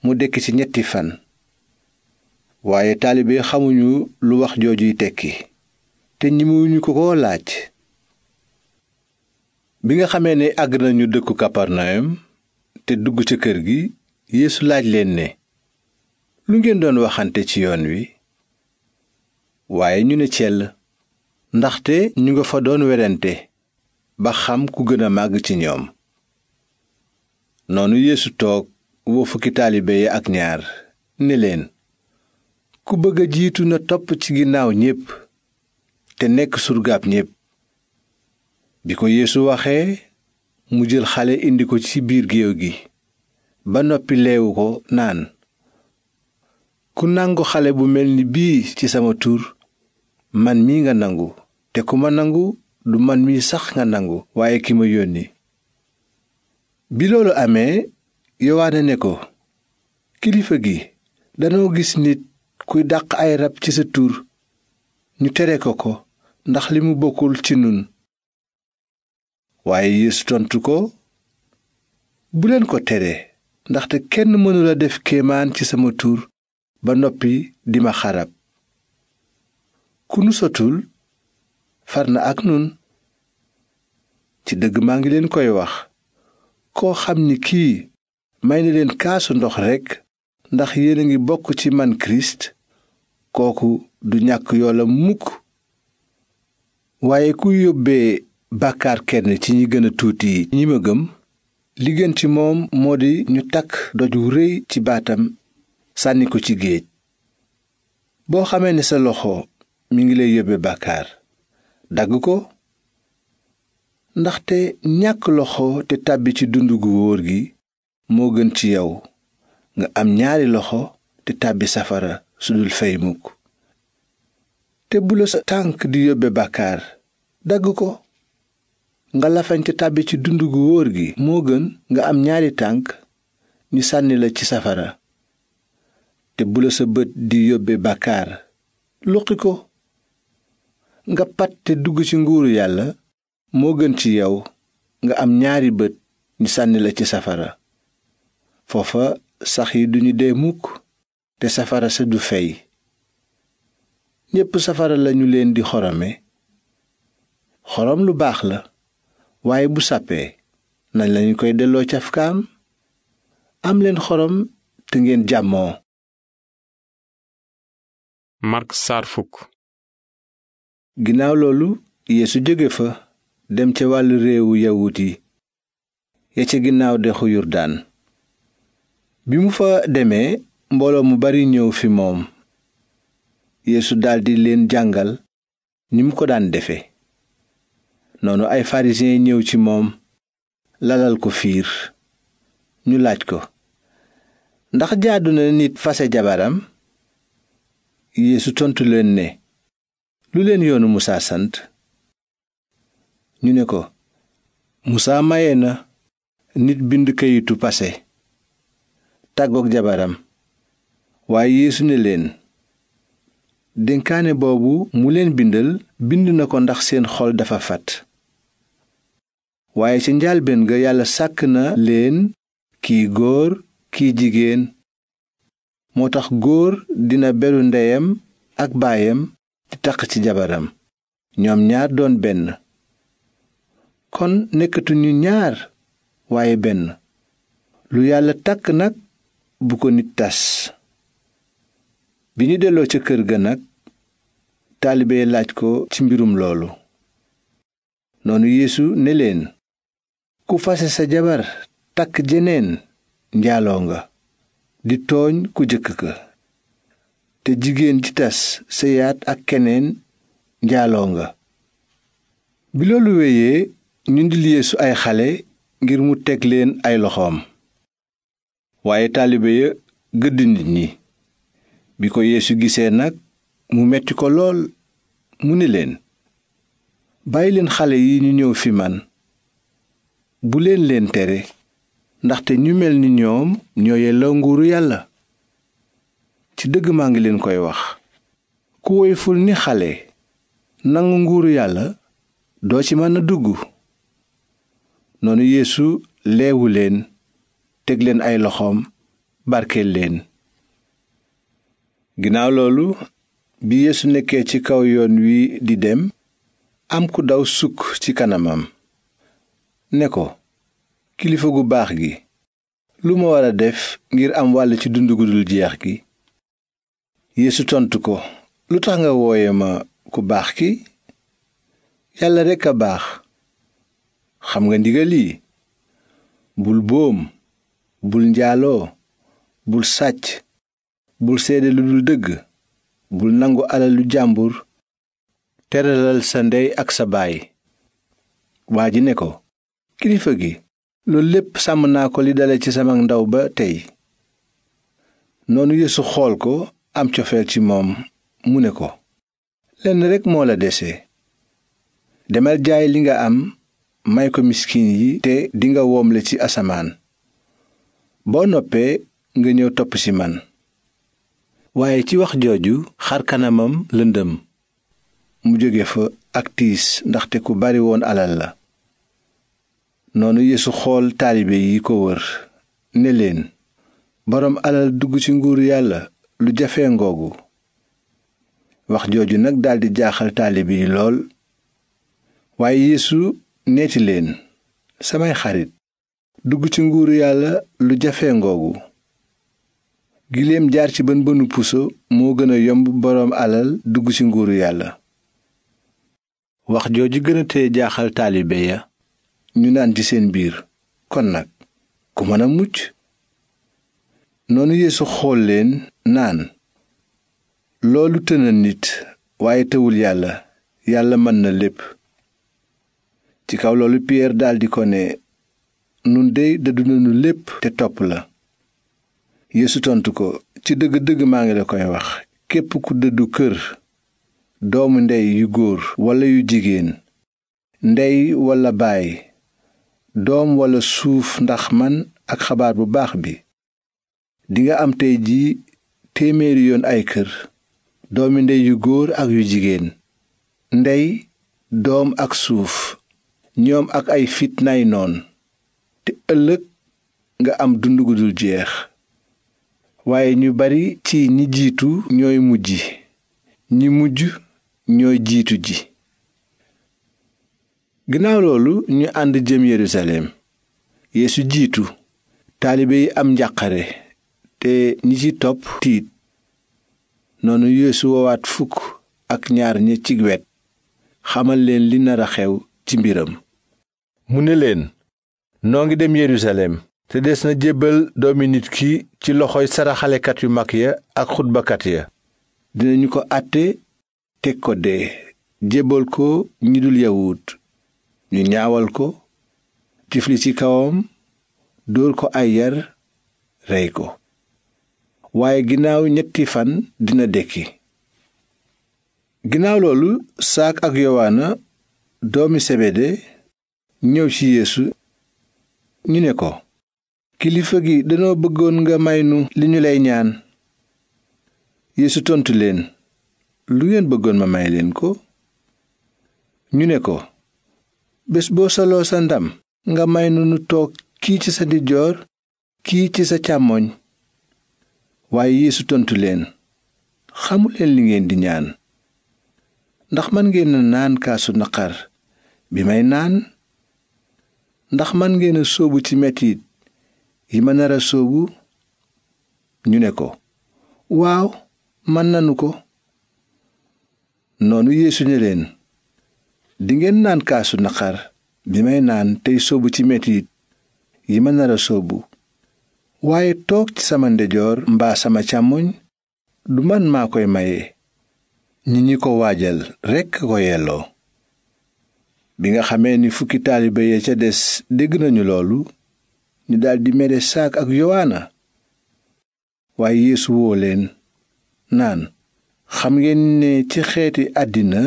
mu dekk ci ñetti fan waaye taalibe xamuñu lu wax joojuy tekki te ñimuñu ko ko laaj bi nga xamee ne àgg nañu dëkku kaparnayum te dugg ca kër gi yéesu laaj leen ne lu ngeen doon waxante ci yoon wi waaye ñu ne cell ndaxte ñu nga fa doon werante ba xam ku gën a màgg ci ñoom noonu yéesu toog woo fukki taalibe yi ak ñaar ni leen ku bëgg a jiitu na topp ci ginnaaw ñépp te nekk surgaab ñépp bi ko yéesu waxee mu jël xale indi ko ci biir géew gi ba noppi leewu ko naan ku nangu xale bu mel ni bii ci sama tur man mi nga nangu te ku ma nangu du man mi sax nga nangu waaye ki ma yónni bi loolu amee yowaane ne ko kilifa gi danoo gis nit kuy dàq ay rab ci sa tur ñu tere ko ko ndax li mu bokkul ci nun waaye Yeesu tontu ko bu leen ko tere ndaxte kenn mënula def kemaan ci sama tur ba noppi di ma xarab ku nu far na ak nun ci dëgg maa ngi leen koy wax koo xam ni kii may na leen kaasu ndox rekk ndax yéen a ngi bokk ci man kirist kooku du ñàkk yoolam mukk waaye ku yóbbee bàkkaar kenn ci ñi gën a tuuti ñi ma gëm li ci moom moo di ñu takk doj wu rëy ci baatam sànni ko ci géej boo xamee ni sa loxo mi ngi lay yóbbe bàkkaar dagg ko ndaxte ñàkk loxo te tàbbi ci dund gu wóor gi moo gën ci yow nga am ñaari loxo te tàbbi safara su dul fey mukk te bu la sa tànk di yóbbe bàkkaar dagg ko nga lafañ te tàbbi ci dund gu wóor gi moo gën nga am ñaari tànk ñu sànni la ci safara te bu la sa bët di yóbbe bàkkaar luqi ko nga pat te dugg ci nguuru yàlla moo gën ci yow nga am ñaari bët ñu sànni la ci safara foofa sax yi duñu dee mukk te safara sa du fey ñépp safara lañu leen di xorome xorom lu baax la waaye bu sàppee nañ lañu koy delloo cafkaam am leen xorom te ngeen jàmmoo ginnaaw loolu yéesu jóge fa dem ca wàllu réewu yawut yi ya ca ginnaaw dexu yurdaan bi mu fa demee mbooloo mu bari ñëw fi moom yéesu daldi leen jàngal ni mu ko daan defe noonu ay farisiyen ñëw ci moom lalal ko fiir ñu laaj ko ndax jaadu na nit fase jabaram yéesu tontu leen ne lu leen yoonu musaa sant ñu ne ko musaa maye na nit bind kayitu pase tàggook jabaram waaye yeesu ne leen dénkaane boobu mu leen bindal bind na ko ndax seen xol dafa fatt waaye ca njaalbeen ga yàlla sàkk na leen kii góor kii jigéen moo tax góor dina beru ndeyam ak baayam di taq ci jabaram ñoom ñaar doon benn kon nekkatuñu ñaar waaye benn lu yàlla tàkk nag bu ko nit tas bi ñu delloo ca kër ga nag taalibe laaj ko ci mbirum loolu noonu yéesu ne leen ku fase sa jabar takk jeneen njaaloo nga di tooñ ku jëkk ka te jigéen ji tas sëyaat ak keneen njaaloo nga bi loolu wéyee ñu ndil yeesu ay xale ngir mu teg leen ay loxoom waaye taalibe ya gëdd nit ñi bi ko yeesu gisee nag mu metti ko lool mu ni leen bàyyi leen xale yi ñu ñëw fi man bu leen leen tere ndaxte ñu mel ni ñoom ñoo yelloo nguuru yàlla ci dëgg maa ngi leen koy wax ku woyful ni xale nangu nguuru yàlla doo ci mën a dugg noonu yeesu leewu leen teg leen ay loxoom barkeel leen ginnaaw loolu bi yeesu nekkee ci kaw yoon wi di dem am ku daw sukk ci kanamam ne ko kilifa gu baax gi lu ma war a def ngir am wàll ci dund gu jeex gi yeesu tontu ko lu tax nga wooye ma ku baax ki yàlla rekk a baax xam nga ndigal yi bul boom bul njaaloo bul sàcc bul seede lu dul dëgg bul nangu alalu jàmbur teralal sa ndey ak sa baay waa ji ne ko kilifa gi loolu lépp sàmm naa ko li dale ci sama ndaw ba tey noonu yeesu xool ko am cofeel ci moom mu ne ko lenn rekk moo la dese demal jaay li nga am may ko miskin yi te dinga woomle ci asamaan boo noppee nga ñëw topp ci man waaye ci wax jooju xar kanamam lëndëm mu jóge fa ak tiis ndaxte ku bari woon alal la noonu yeesu xool taalibe yi ko wër ne leen boroom alal dugg ci nguur yàlla lu jafee wax jooju nag daldi jaaxal taalibe yi lool waaye yeesu neeti leen samay xarit dugg ci nguuru yàlla lu jafe ngoogu giléem jaar ci bën bënu puso moo gën a yomb boroom alal dugg ci nguuru yàlla wax jooju gën a teye jaaxal taalibe ya ñu naan ci seen biir kon nag ku mën a mucc noonu yeesu xool leen naan loolu tëna nit waaye tëwul yàlla yàlla mën na lépp ci kaw loolu piyeer daldi ko ne nun dey dëddu nañu lépp te topp la yeesu tontu ko ci dëgg dëgg maa ngi la koy wax képp ku dëddu kër doomu ndey yu góor walla yu jigéen ndey walla baay doom walla suuf ndax man ak xabaar bu baax bi dinga am tey ji téeméeri yoon ay kër doomi ndey yu góor ak yu jigéen ndey doom ak suuf ñoom ak ay fitnaay noon te ëllëg nga am dund gu jeex waaye ñu bari ci ñi jiitu ñooy mujj ñi mujj ñooy jiitu ji ginnaaw loolu ñu ànd jëm Yerusalem yéesu jiitu taalibe yi am njàqare te ñi ci topp tiit noonu yeesu woowaat fukk ak ñaar ña ci wet xamal leen li nar a xew ci mbiram mu ne leen noo ngi dem yerusalem te des na jébbal doomi nit ki ci loxoy saraxalekat yu mag ya ak xutbakat ya dinañu ko àtte teg ko dee jébbal ko ñi dul yawut ñu ñaawal ko tifli ci kawam dóor ko ay yar rey ko waaye ginnaaw ñetti fan dina dekki ginnaaw loolu saak ak yowaana doomi sebede ñëw ci yeesu ñu ne ko kilifa gi danoo bëggoon nga may nu li ñu lay ñaan yeesu tontu leen lu ngeen bëggoon ma may leen ko ñu ne ko bés boo soloo sa ndam nga may nu ñu toog kii ci sa ndijoor kii ci sa càmmooñ waaye yeesu tontu leen xamuleen li ngeen di ñaan ndax man ngeen naan kaasu naqar bi may naan ndax man ngeen a sóobu ci metit yi ma nara a sóobu ñu ne ko waaw man nanu ko noonu yeesu ne leen ngeen naan kaasu naqar bi may naan tey sóobu ci metit yi ma nar a sóobu waaye toog ci sama ndejoor mbaa sama càmmoñ du man maa koy maye ñi ñi ko waajal rekk ko yelloo bi nga xamee ni fukki taalibe ya ca des dégg nañu loolu ñu daldi mere saak ak yowaana waaye yeesu woo leen naan xam ngeen ne ci xeeti àddina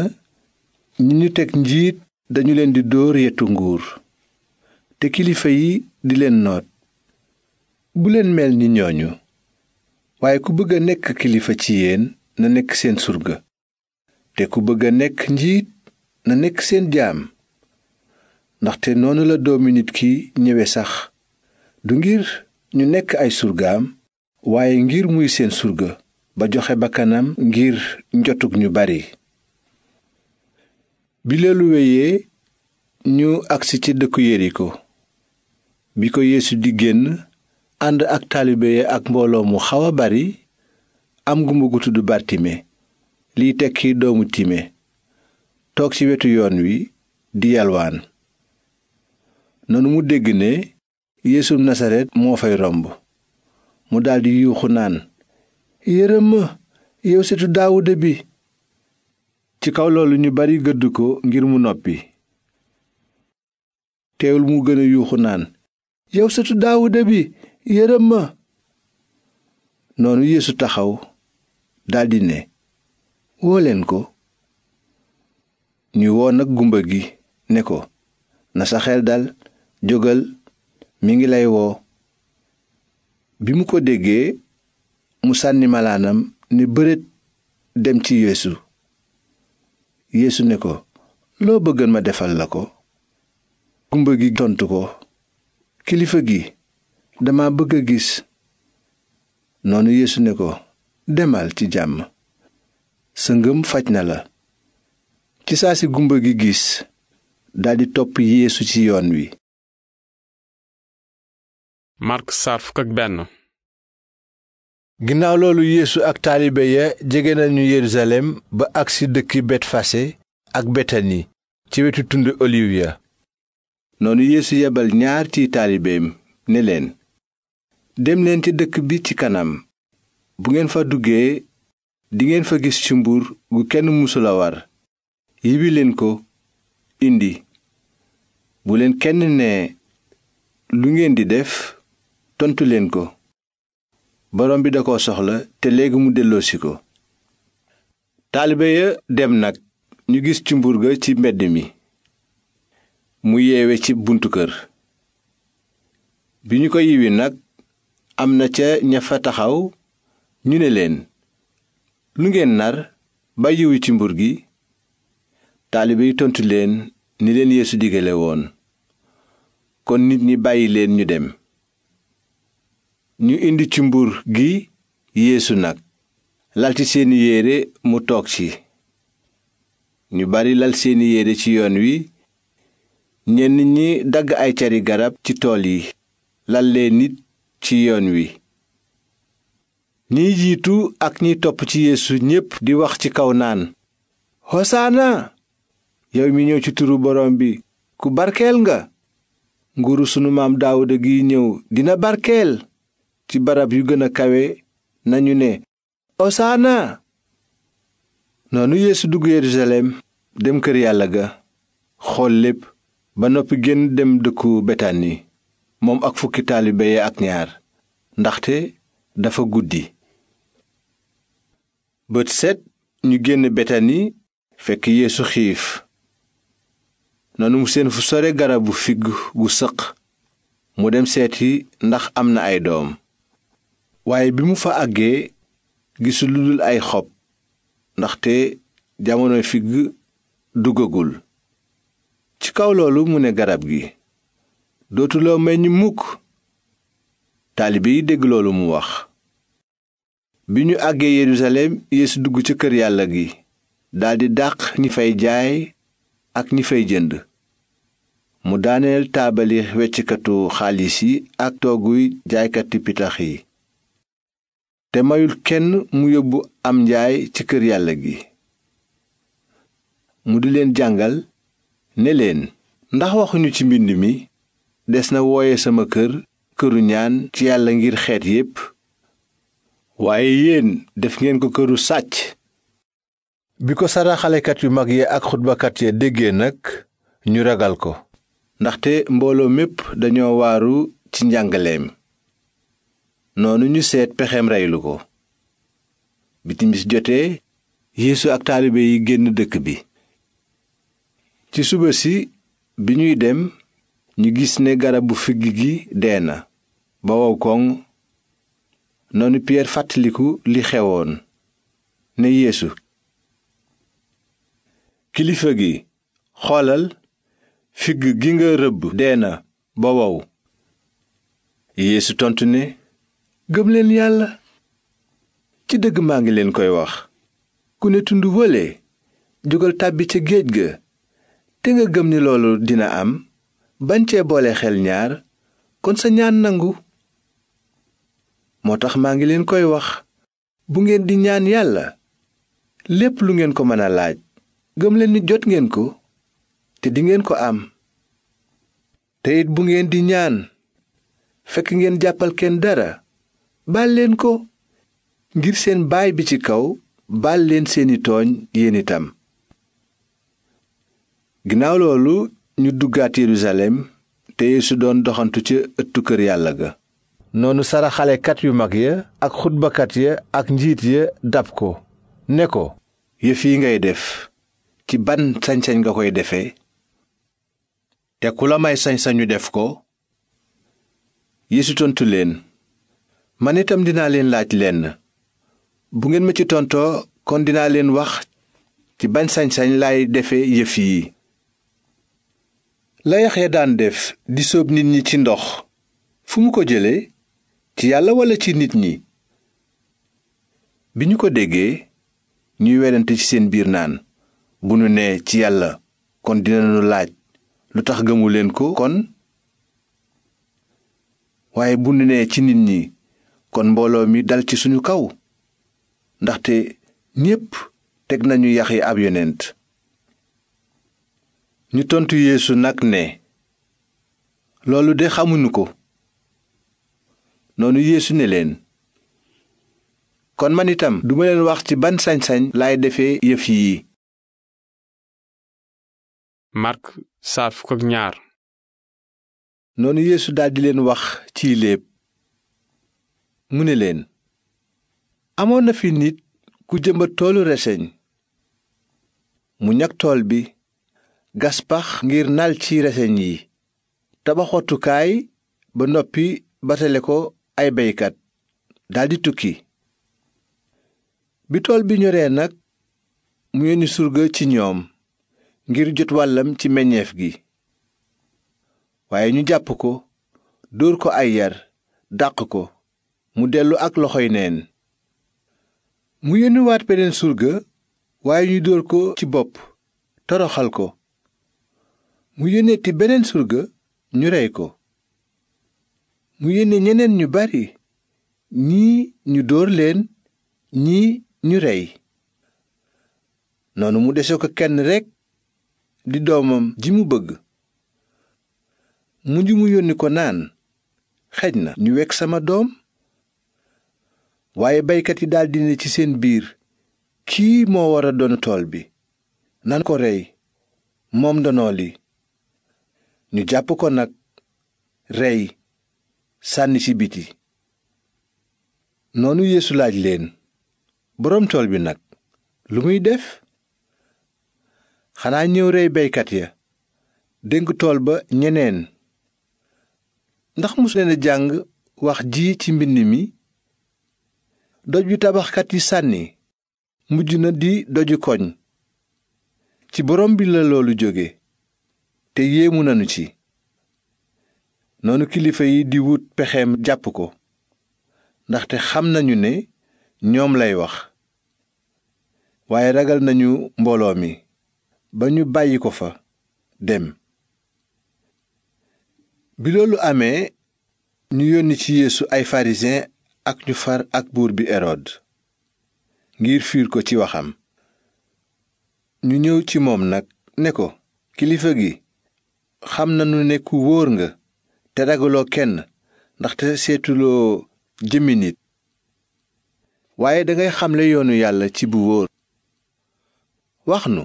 ñi ñu teg njiit dañu leen di dóor yetu nguur te kilifa yi di leen noot buleen mel ni ñooñu waaye ku bëgg a nekk kilifa ci yéen na nekk seen surga te ku bëgg a nekk njiit na nekk seen jaam ndaxte noonu la doomi nit ki ñëwe sax du ngir ñu nekk ay surgaam waaye ngir muy seen surga ba joxe bakkanam ngir njotug ñu bari bi wéyee ñu agsi ci dëkku yeriko bi ko yéesu di génn ànd ak taalibe yi ak mbooloo mu xaw a bari am gumba gu tudd bartime liy tekki doomu time toog ci wetu yoon wi di yalwaan noonu mu dégg ne yeesu nasaret moo fay romb mu daldi yuuxu naan yërëm ma yow setu bi ci kaw loolu ñu bari gëdd ko ngir mu noppi teewul mu gën a naan yërëm ma noonu yéesu taxaw daldi ne woo leen ko ñu woo nag gumba gi ne ko na sa xel dal jógal mi ngi lay woo bi mu ko déggee mu sànni malaanam ne bërét dem ci yeesu yeesu ne ko loo bëggan ma defal la ko gumba gi tontu ko kilifa gi dama bëgg a gis noonu yeesu ne ko demal ci jàmm sa ngëm faj na la ci saa si gumba gi gis daldi topp yéesu ci yoon wi mark saar benn ginnaaw loolu yeesu ak taalibe ya jege nañu ba agsi dëkki betfase ak betani ci wetu tund oliw noonu yeesu yebal ñaar ci leen demleen ci dëkk bi ci kanam bu ngeen fa duggee dingeen fa gis cumbur gu kenn musula war yibi leen ko indi bu leen kenn nee lu ngeen di def tontu leen ko borom bi da koo soxla te léegi mu delloosi ko taalibe ya dem nag ñu gis cumbur ga ci mbedd mi mu yeewe ci buntu kër bi ñu ko yiwi nag am na ca ña fa taxaw ñu ne leen lu ngeen nar bàyyiwu ci mbur gi taalibe yi tontu leen ni leen yéesu digale woon kon nit ñi bàyyi leen ñu dem ñu indi ci mbur gi yéesu nag lal ci seeni yéere mu toog ci ñu bari lal seeni yéere ci yoon wi ñenn ñi dagg ay cari garab ci tool yi lal leen nit ci yoon wi ñiy jiitu ak ñiy topp ci yeesu ñépp di wax ci kaw naan hosaana yow mi ñëw ci turu borom bi ku barkeel nga nguuru sunu maam daawuda gi ñëw dina barkeel ci barab yu gën a kawe nañu ne hosaana noonu yéesu dugg yerusalem dem kër yàlla ga xool lépp ba noppi génn dem dëkku betani moom ak fukki taalibe yi ak ñaar ndaxte dafa guddi bët set ñu génn betani fekk yéesu xiif noonu mu seen fu sore garabu figg gu sëq mu dem seeti ndax am na ay doom waaye bi mu fa àggee gisul lu dul ay xob ndaxte jamono figg duggagul ci kaw loolu mu ne garab gi dootuloo meññ mukk taalibe yi dégg loolu mu wax bi ñu àggee yerusalem yeesu dugg ci kër yàlla gi daldi dàq ñi fay jaay ak ñi fay jënd mu daaneel taabali weccikatu xaalis yi ak tooguy jaaykati pitax yi te mayul kenn mu yóbbu am njaay ci kër yàlla gi mu di leen jàngal ne leen ndax waxuñu ci mbind mi des na wooye sama kër këru ñaan ci yàlla ngir xeet yépp waaye yéen def ngeen ko këru sàcc bi ko saraxalekat yu mag yi ak xutbakat ya déggee nag ñu ragal ko ndaxte mbooloo mépp dañoo waaru ci njàngaleem noonu ñu seet pexem reylu ko bitim timis jotee yéesu ak taalibe yi génn dëkk bi ci suba si bi ñuy dem ñu gis ne garabu figg gi dee na ba wow koŋ noonu piyeer fàttaliku li xewoon ne yéesu kilifa gi xoolal figg gi nga rëbb dee na ba wow yeesu tontu ne gëm leen yàlla ci dëgg maa ngi leen koy wax ku ne tund wële jógal tàbbi ca géej ga te nga gëm ni loolu dina am bañ cee boole xel ñaar kon sa ñaan nangu moo tax maa ngi leen koy wax bu ngeen di ñaan yàlla lépp lu ngeen ko mën a laaj gëm leen ni jot ngeen ko te dingeen ko am te it bu ngeen di ñaan fekk ngeen jàppal kenn dara baal leen ko ngir seen baay bi ci kaw baal leen seeni tooñ yéen itam ñu duggaat yerusalem te yeesu doon doxantu ca ëttu kër yàlla ga noonu saraxalekat yu mag ya ak xutbakat ya ak njiit ya dab ko ne ko yëf yi ngay def ci ban sañsañ nga koy defee te ku la may sañ-sañu def ko yeesu tontu leen man itam dinaa leen laaj lenn bu ngeen ma ci tontoo kon dinaa leen wax ci ban sañ-sañ laay defe yëf yi la yaxya daan def di soob nit ñi ci ndox fu mu ko jële ci yàlla walla ci nit ñi bi ñu ko déggee ñuy werante ci seen biir naan bu nu nee ci yàlla kon dinañu laaj lu tax gëmu leen ko kon waaye bu nu nee ci nit ñi kon mbooloo mi dal ci suñu kaw ndaxte ñépp teg nañu yaxya ab yonent ñu tontu yéesu nag ne loolu de xamuñu ko noonu yéesu ne leen kon man itam duma leen wax ci ban sañsañ lay defe yëf yii Mark saar ñaar. noonu yeesu daldi leen wax ci léeb mu ne leen amoon na fi nit ku jëmbat toolu reseñ mu ñag bi gaspax ngir nal ci reseñ yi tabax wattukaay ba noppi batale ko ay beykat daldi tukki bi tool bi ñoree nag mu yónni surga ci ñoom ngir jot wàllam ci meññeef gi waaye ñu jàpp ko dóor ko ay yar dàq ko mu dellu ak loxoy neen mu yónniwaat beneen surga waaye ñu dóor ko ci bopp toroxal ko mu yónneeti beneen surga ñu rey ko mu yónne ñeneen ñu bari ñii ñu dóor leen ñii ñu rey noonu mu dese ko kenn rekk di doomam ji mu bëgg mujj mu yónni ko naan xej na ñu wekk sama doom waaye baykat yi daldi ne ci seen biir kii moo wara a doon tool bi nan ko rey moom ndono li ñu jàpp ko nag rey sànni ci biti noonu yéesu laaj leen boroom tool bi nag lu muy def xanaa ñëw rey beykat ya dénk tool ba ñeneen ndax mosu leen a jàng wax ji ci mbind mi doj bi tabaxkat yi sànni mujj na di doju koñ ci boroom bi la loolu jóge te yéemu nanu ci noonu kilifa yi di wut pexeem jàpp ko ndaxte xam nañu ne ñoom lay wax waaye ragal nañu mbooloo mi ba ñu bàyyi ko fa dem bi loolu amee ñu yónni ci yeesu ay pharisiens ak ñu far ak buur bi erod ngir fiir ko ci waxam ñu ñëw ci moom nag ne ko kilifa gi xam nañu ne ku wóor nga te ragaloo kenn ndaxte seetuloo jëmmi nit waaye dangay xamle yoonu yàlla ci bu wóor wax nu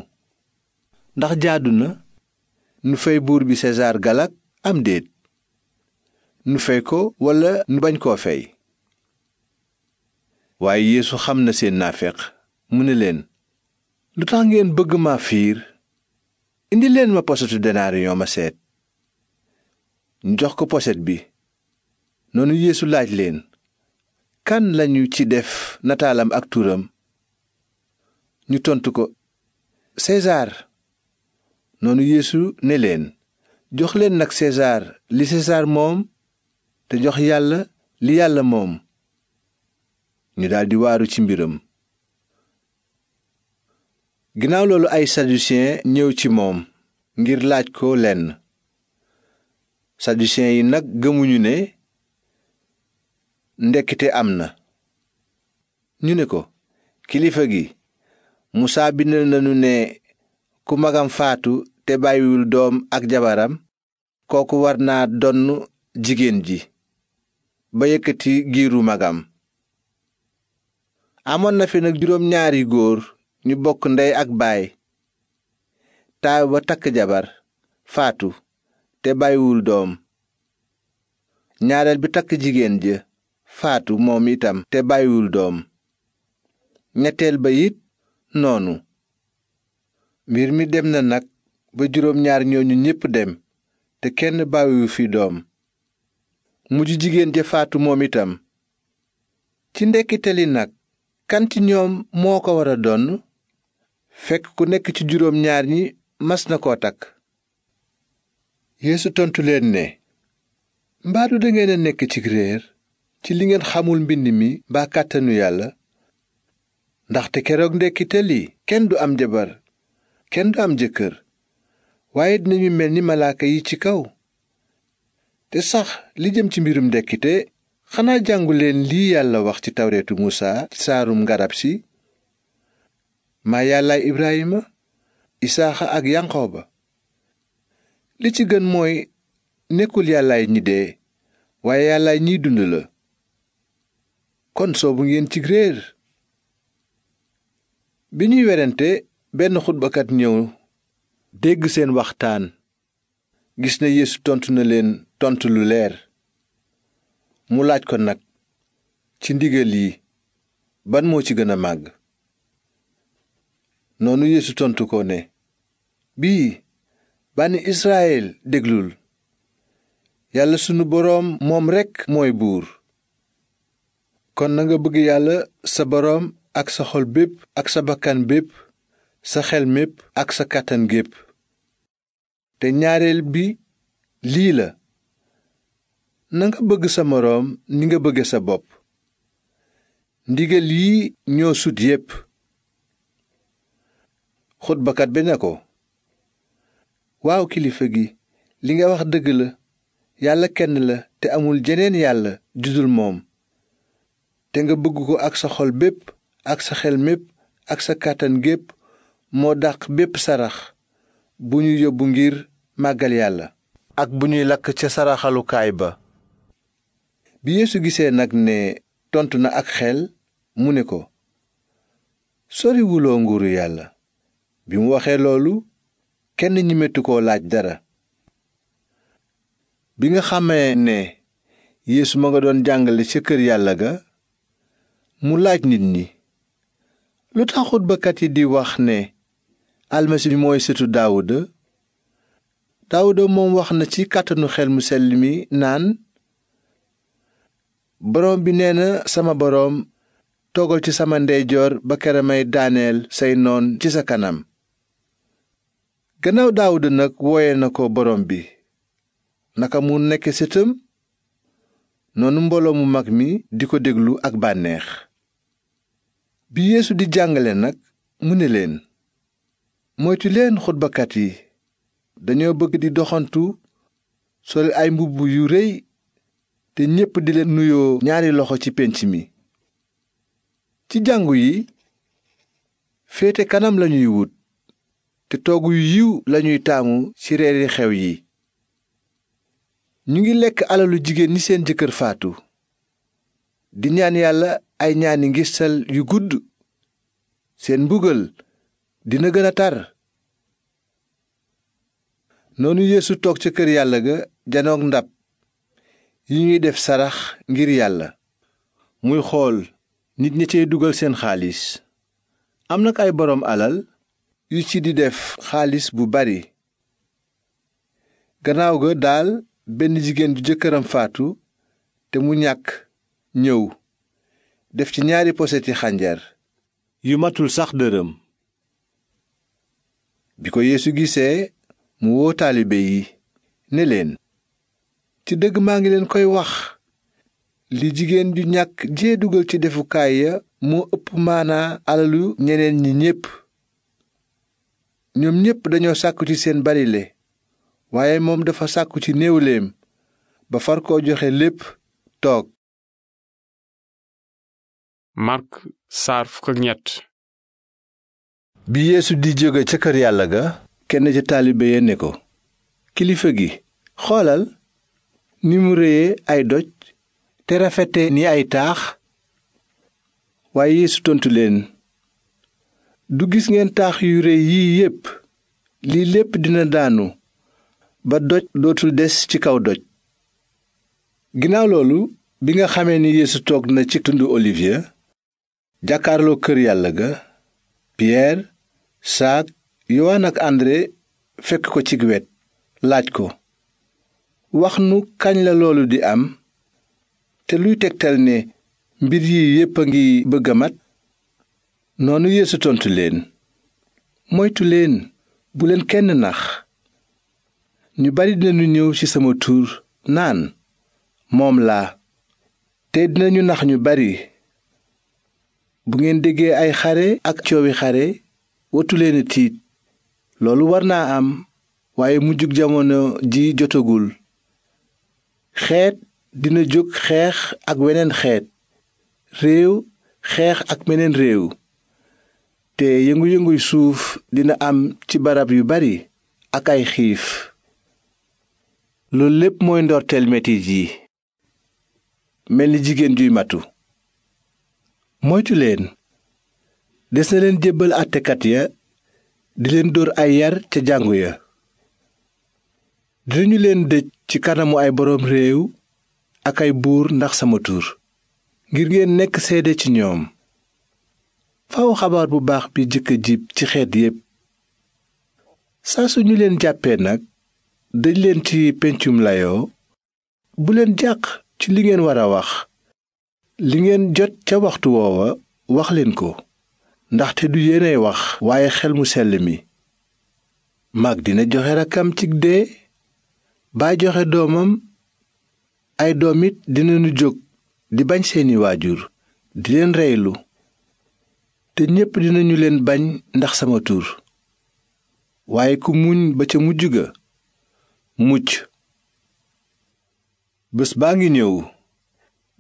ndax jaadu na nu fay buur bi sesaar galak am déet nu fay ko walla nu bañ koo fay waaye yéesu xam na seen naafeq mu ne leen lu tax ngeen bëgg maa fiir indi leen ma posetu denaariyoo ma seet ñu jox ko poset bi noonu yéesu laaj leen kan lañu ci def nataalam ak turam ñu tontu ko sesaar noonu yéesu ne leen jox leen nag sesaar li sesaar moom te jox yàlla li yàlla moom ñu daldi waaru ci mbiram ginaaw loolu ay sadusiyen ñëw ci moom ngir laaj ko lenn sadusiyen yi nag gëmuñu ne ndekkite am na ñu ne ko kilifa gi musaa bindal nañu ne ku magam faatu te bàyyiwul doom ak jabaram kooku war naa donn jigéen ji ba yëkkati giiru magam amoon na fi nag juróom ñaari góor ñu bokk ndey ak baay taaw ba takk jabar faatu te bàyyiwul doom ñaareel bi takk jigéen ja faatu moom itam te bàyyiwul doom ñetteel ba it noonu mbir mi dem na nag ba juróom ñaar ñooñu ñépp dem te kenn bàyyiwu fi doom mujj jigéen ja faatu moom itam ci ndekkiteli nag kan ci ñoom moo ko war a donn fekk ku nekk ci juróom ñaar ñi mas na koo takk yéesu tontu leen ne mbaadu dangeen a nekk ci réer ci li ngeen xamul mbind mi mbaa kàttanu yàlla ndaxte keroog ndekkite li kenn du am jabar kenn du am jëkkër waaye dinañu mel ni malaaka yi ci kaw te sax li jëm ci mbirum ndekkite xanaa jàngu leen lii yàlla wax ci tawreetu muusaa ci saarum ngarab si maa yàllaay Ibrahima Isaaxa ak ba li ci gën mooy nekkul yàllaay ñi dee waaye yàllaay ñiy dund la kon bu ngeen ci réer bi ñuy werante benn xutbakat ñëw dégg seen waxtaan gis na Yeesu tontu na leen tontu lu leer mu laaj ko nag ci ndigal yi ban moo ci gën a màgg noonu yeesu tontu ko ne bii bànni israyil déglul yàlla sunu boroom moom rekk mooy buur kon nanga bëgg yàlla sa boroom ak sa xol bépp ak sa bakkan bépp sa xel mépp ak sa kàttan gépp te ñaareel bi lii la nanga bëgg sa moroom ni nga bëgge sa bopp ndigal yi ñoo sut yépp xutbakat bi ne ko waaw kilifa gi li nga wax dëgg la yàlla kenn la te amul jeneen yàlla judul moom te nga bëgg ko ak sa xol bépp ak sa xel mépp ak sa kàttan gépp moo dàq bépp sarax bu ñu yóbbu ngir màggal yàlla ak bu ñuy lakk ca saraxalukaay ba bi yeesu gisee nag ne tontu na ak xel mu ne ko soriwuloo nguuru yàlla bi mu waxee loolu kenn ñimetu koo laaj dara bi nga xamee ne yéesu ma nga doon jàngale ca kër yàlla ga mu laaj nit ñi lu tax xutbakat yi di wax ne almasi bi mooy sëtu daawuda daawuda moom wax na ci kàttanu xel mu sell mi naan boroom bi nee na sama boroom toogal ci sama ndeyjoor ba kera may daaneel say noon ci sa kanam gannaaw daawuda nag wooye na ko borom bi naka mu nekke sëtam noonu mbooloo mu mag mi di ko déglu ak bànneex bi yéesu di jàngale nag mu ne leen moytu leen xutbakat yi dañoo bëgg di doxantu sol ay mbubb yu rëy te ñépp di leen nuyoo ñaari loxo ci pénc mi ci jàngu yi féete kanam lañuy wut te toogu yu yiw lañuy taamu ci reeri xew yi ñu ngi lekk alalu jigéen ñi seen jëkkër faatu di ñaan yàlla ay ñaani ngistal yu gudd seen mbugal dina gën a tar noonu yéesu toog ca kër yàlla ga janoog ndab yi ñuy def sarax ngir yàlla muy xool nit ñi cey dugal seen xaalis am nag ay boroom alal yu ci di def xaalis bu bari gannaaw ga daal benn jigéen ju jëkkëram faatu te mu ñàkk ñëw def ci ñaari poseti xànjar yu matul sax dërëm bi ko yéesu gisee mu woo taalibe yi ne leen ci dëgg maa ngi leen koy wax li jigéen ju ñàkk jee dugal ci defukaay ya moo ëpp maanaa alalu ñeneen ñi ñépp ñoom ñépp dañoo sàkku ci seen barile waaye moom dafa sàkku ci néewleem ba far koo joxe lépp toog Mark saar ñett bi yéesu di jóge ca kër yàlla ga kenn ca taalibe ya ne ko kilifa gi xoolal ni mu réye ay doj te rafete ni ay taax waaye yeesu tontu leen du gis ngeen taax yu rëy yii yépp lii lépp dina daanu ba doj dootul des ci kaw doj ginnaaw loolu bi nga xamee ni yeesu toog na ci tund olivier jàkkaarloo kër yàlla ga pierre saak yowaan ak andré fekk ko ci wet laaj ko wax nu kañ la loolu di am te luy tegtal ne mbir yi yépp a ngi bëgg a mat noonu yeesu tontu leen moytu leen bu leen kenn nax ñu bari dinañu ñëw ci sama tur naan moom laa te dinañu nax ñu bari bu ngeen déggee ay xare ak coowi xare watu leen tiit loolu war naa am waaye mujjug jamono ji jotagul xeet dina jóg xeex ak weneen xeet réew xeex ak meneen réew te yëngu-yënguy suuf dina am ci barab yu bari ak ay xiif loolu lépp mooy ndorteel metit yi mel ni jigéen juy matu moytu leen des na leen jébbal àttekat ya di leen dóor ay yar ca jàngu ya dinañu leen dëj ci kanamu ay boroom réew ak ay buur ndax sama tur ngir ngeen nekk seede ci ñoom faw xabaar bu baax bi jëkk jib ci xeet yépp saa su ñu leen jàppee nag dañ leen ci pencum layoo bu leen jàq ci li ngeen war a wax li ngeen jot ca waxtu woowa wax leen ko ndaxte du yéenay wax waaye xel mu sell mi mag dina joxe rakkam ci dee baay joxe doomam ay doom it dinañu jóg di bañ seeni waajur di leen reylu te ñépp dinañu leen bañ ndax sama tur waaye ku muñ ba ca mujj ga mucc bés baa ngi ñëw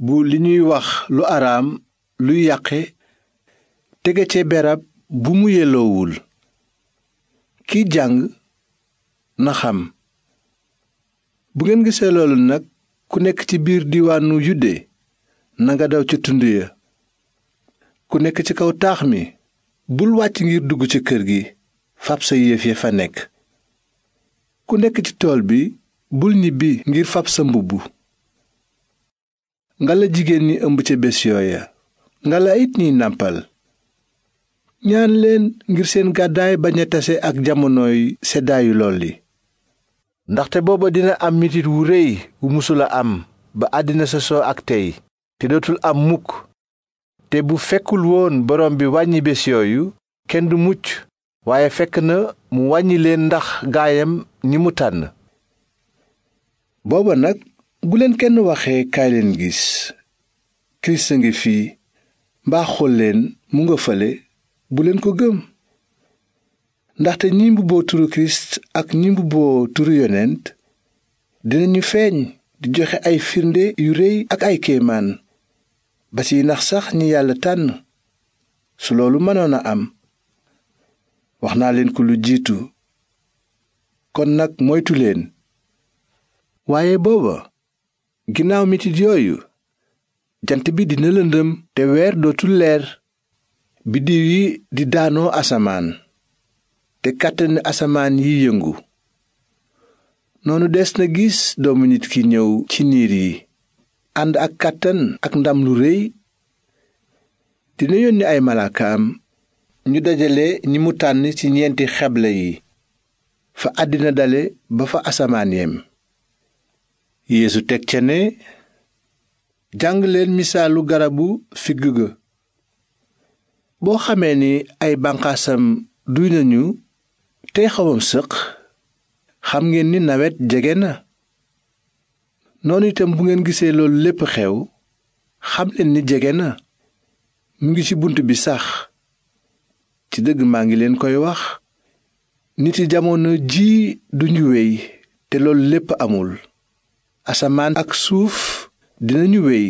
bu li ñuy wax lu araam luy yàqe tege ce berab bu mu yelloowul kiy jàng na xam bu ngeen gisee loolu nag ku nekk ci biir diwaanu yudde nanga daw ca tund ya ku nekk ci kaw taax mi bul wàcc ngir dugg ci kër gi fab sa yëf ya fa nekk ku nekk ci tool bi bul ñibbi ngir fab sa mbubb nga la jigéen ñi ëmb ca bés yooya nga la it ñiy nàmpal ñaan leen ngir seen gàddaay bañ a tase ak jamonoy seddaayu lool li ndaxte booba dina am mitit wu rëy wu a am ba àddina sa sosoo ak tey te dootul am mukk te bu fekkul woon borom bi wàññi bés yooyu kenn du mucc waaye fekk na mu wàññi leen ndax gaayam ñi mu tànn booba nag bu leen kenn waxee kaay leen gis kirist a ngi fii mbaa leen mu nga fale bu leen ko gëm ndaxte ñi mbubboo turu kirist ak ñi mbubboo turu yonent dinañu feeñ di joxe ay firnde yu rëy ak ay kéemaan ba ci nax sax ñi yàlla tànn su loolu mënoon a am wax naa leen ko lu jiitu kon nag moytu leen waaye booba ginnaaw mitit yooyu jant bi dina lëndëm te weer dootul leer biddiw yi di daanoo asamaan te kàttani asamaan yi yëngu noonu des na gis doomu nit ki ñëw ci niir yi ànd ak kàttan ak ndam lu réy dina yónni ay malaakaam ñu dajale ñi mu tànn ci ñeenti xeble yi fa àddina dale ba fa asamaan yem yéesu teg ca ne jàng leen misaalu garabu figg ga boo xamee ni ay banqaasam duy nañu tey xawam sëq xam ngeen ni nawet jege na noonu itam bu ngeen gisee loolu lépp xew xam ni jege na mu ngi ci bunt bi sax ci dëgg maa ngi leen koy wax nit yi jamono ji du duñu wéy te loolu lépp amul asamaan ak suuf dinañu wéy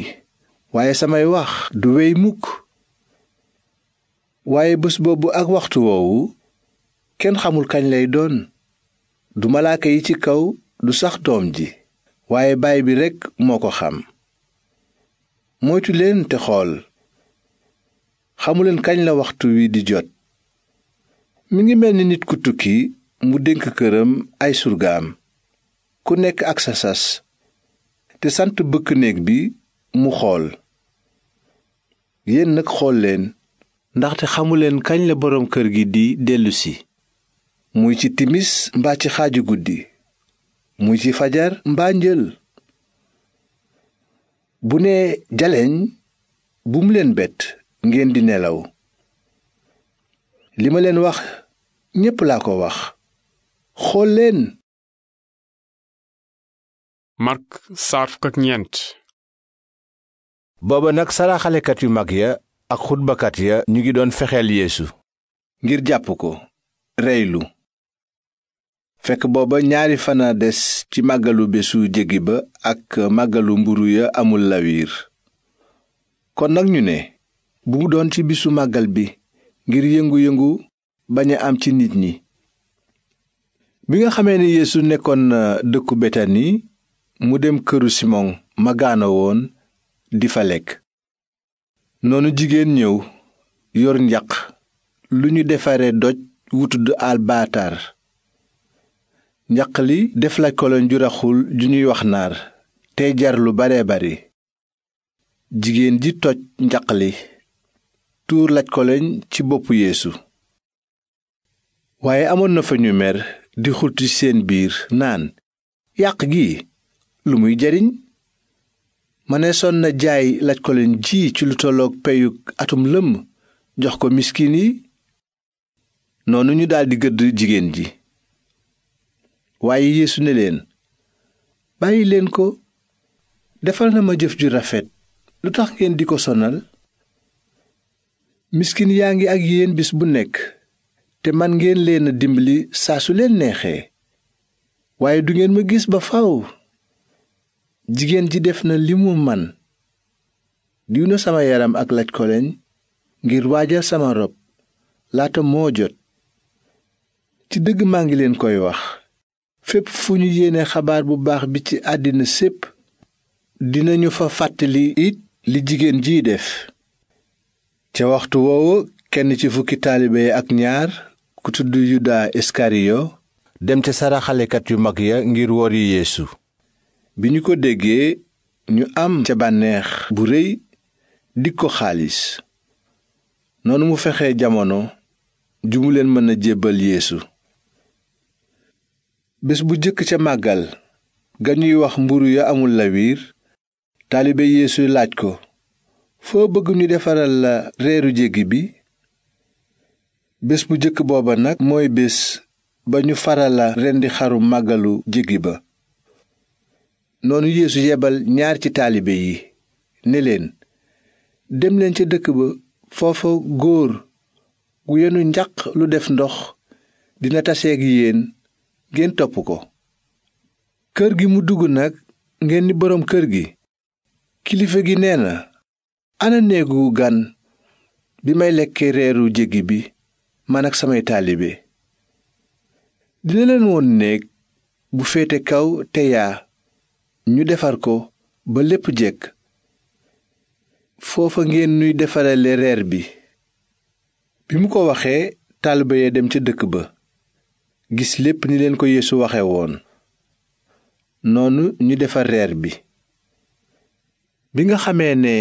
waaye samay wax du wéy mukk waaye bés boobu ak waxtu woowu kenn xamul kañ lay doon du malaaka yi ci kaw du sax doom ji waaye baay bi rekk moo ko xam moytu leen te xool xamuleen kañ la waxtu wi di jot mu ngi mel ni nit ku tukki mu dénk këram ay surgaam ku nekk ak sa sas te sant bëkk néeg bi mu xool yéen nag xool leen ndaxte xamuleen kañ la boroom kër gi di dellusi muy ci timis mbaa ci xaaju guddi muy ci fajar mbaa njël bu ne jaleñ bu mu leen bett ngeen di nelaw li ma leen wax ñépp laa ko wax xoolleen leen Mark booba nag saraxalekat yu mag ya ak xutbakat ya ñu ngi doon fexeel Yeesu ngir jàpp ko reylu fekk booba ñaari fana des ci màggalu bésu jéggi ba ak màggalu mburu ya amul lawiir kon nag ñu ne bu doon ci bisu màggal bi ngir yëngu-yëngu bañ a am ci nit ñi bi nga xamee ni yeesu nekkoon na dëkku betani mu dem këru simon ma gaana woon di fa lekk noonu jigéen ñëw yor njaq lu ñu defare doj wu tudd njaq li def la koloñ ju ñuy wax naar tey jar lu bare bari jigéen ji toj njaq li tuur boppu yeesu waaye amoon na fa ñu mer di xultu seen biir naan yàq gi lu muy jariñ mëneesoon na jaay laj koloñ ji ci lu tolloog peyug atum lëmm jox ko miskin yi noonu ñu daldi gëdd jigéen ji waaye yeesu ne leen bàyyi leen ko defal na ma jëf ju rafet lu tax ngeen di ko sonal miskin yaa ngi ak yéen bis bu nekk te man ngeen leen a dimbali saa su leen neexee waaye du ngeen ma gis ba faw jigéen ji def na li mu man diw na sama yaram ak laj koleñ ngir waajal sama rob laata moo jot ci dëgg maa ngi leen koy wax fépp fu ñu yéene xabaar bu baax bi ci àddina sépp dinañu fa fàttali it li jigéen jiy def ca waxtu woowu kenn ci fukki taalibe yi ak ñaar ku tudd yuda iskariyo dem ca saraxalekat yu mag ya ngir wori yeesu bi ñu ko déggee ñu am ca bànneex bu rëy dig ko xaalis noonu mu fexee jamono ju mu leen mën a jébbal yéesu bés bu jëkk ca màggal ga ñuy wax mburu ya amul la wiir taalibe yéesu laaj ko foo bëgg ñu defaral la reeru jéggi bi bés bu jëkk booba nag mooy bés ba ñu faral la rendi xaru màggalu jéggi ba noonu yéesu yebal ñaar ci taalibe yi ni leen demleen ca dëkk ba foofa góor gu yenu njaq lu def ndox dina taseeg yeen ngeen topp ko kër gi mu dugg nag ngeen ni boroom kër gi kilifa gi nee na ana néegu gan bi may lekkee reeru jéggi bi man ak samay taalibe dina leen woon néeg bu féete kaw te yaa ñu defar ko ba lépp jekk foofa ngeen nuy defarale reer bi bi mu ko waxee taalibe ya dem ca dëkk ba gis lépp ni leen ko yeesu waxe woon noonu ñu defar reer bi bi nga xamee ne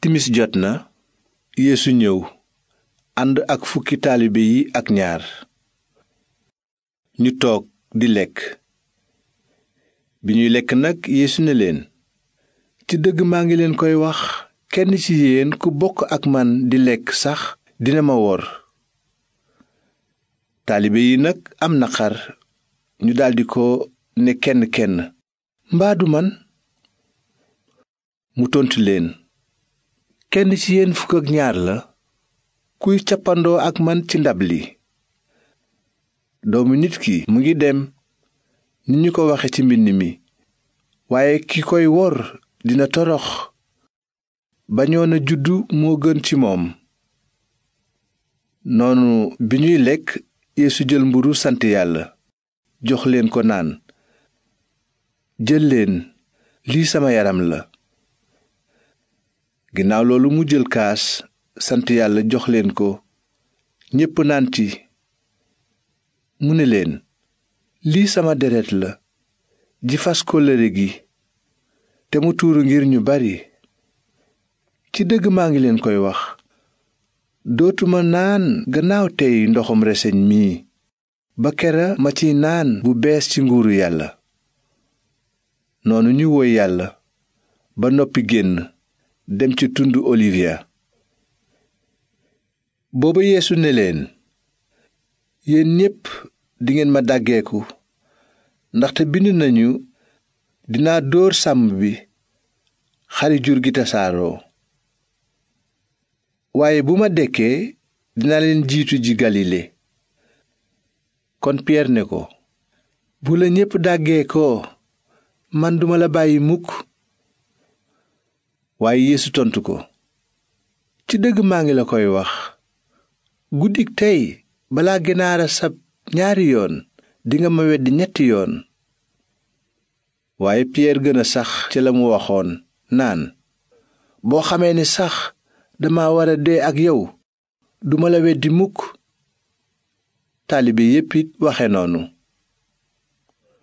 timis jot na yéesu ñëw ànd ak fukki taalibe yi ak ñaar ñu toog di lekk bi ñuy lekk nag yéesu ne leen ci dëgg maa ngi leen koy wax kenn ci yéen ku bokk ak man di lekk sax dina ma wor taalibe yi nag am naqar ñu daldi ko ne kenn kenn mbaa du man mu tontu leen kenn ci yéen fukk ak ñaar la kuy cappandoo ak man ci ndab li doomu nit ki mu ngi dem ni ñu ko waxe ci mbind mi waaye ki koy wor dina torox bañoon a juddu moo gën ci moom noonu bi ñuy lekk yeesu jël mburu sant yàlla jox leen ko naan jël leen lii sama yaram la ginnaaw loolu mu jël kaas sant yàlla jox leen ko ñépp naan ci mu ne leen lii sama deret la ji fas kóllëre gi te mu tuuru ngir ñu bari ci dëgg maa ngi leen koy wax dootuma naan gannaaw tey ndoxum reseñ mii ba kera ma ci naan bu bees ci nguuru yàlla noonu ñu woy yàlla ba noppi génn dem ci tundu olivier booba yeesu ne leen yéen ñépp dingeen ma dàggeeku ndaxte bind nañu dinaa dóor sàmm bi xari jur gi tasaaroo waaye bu ma dekkee dina leen jiitu ji galile kon piyeer ne ko bu la ñépp dàggeekoo man duma la bàyyi mukk waaye yeesu tontu ko ci dëgg maa ngi la koy wax guddik tey balaa genaara sab ñaari yoon dinga ma weddi ñetti yoon waaye piyeer gën a sax ci la mu waxoon naan boo xamee ni sax dama war a dee ak yow duma la di mukk taalibe yépp it waxe noonu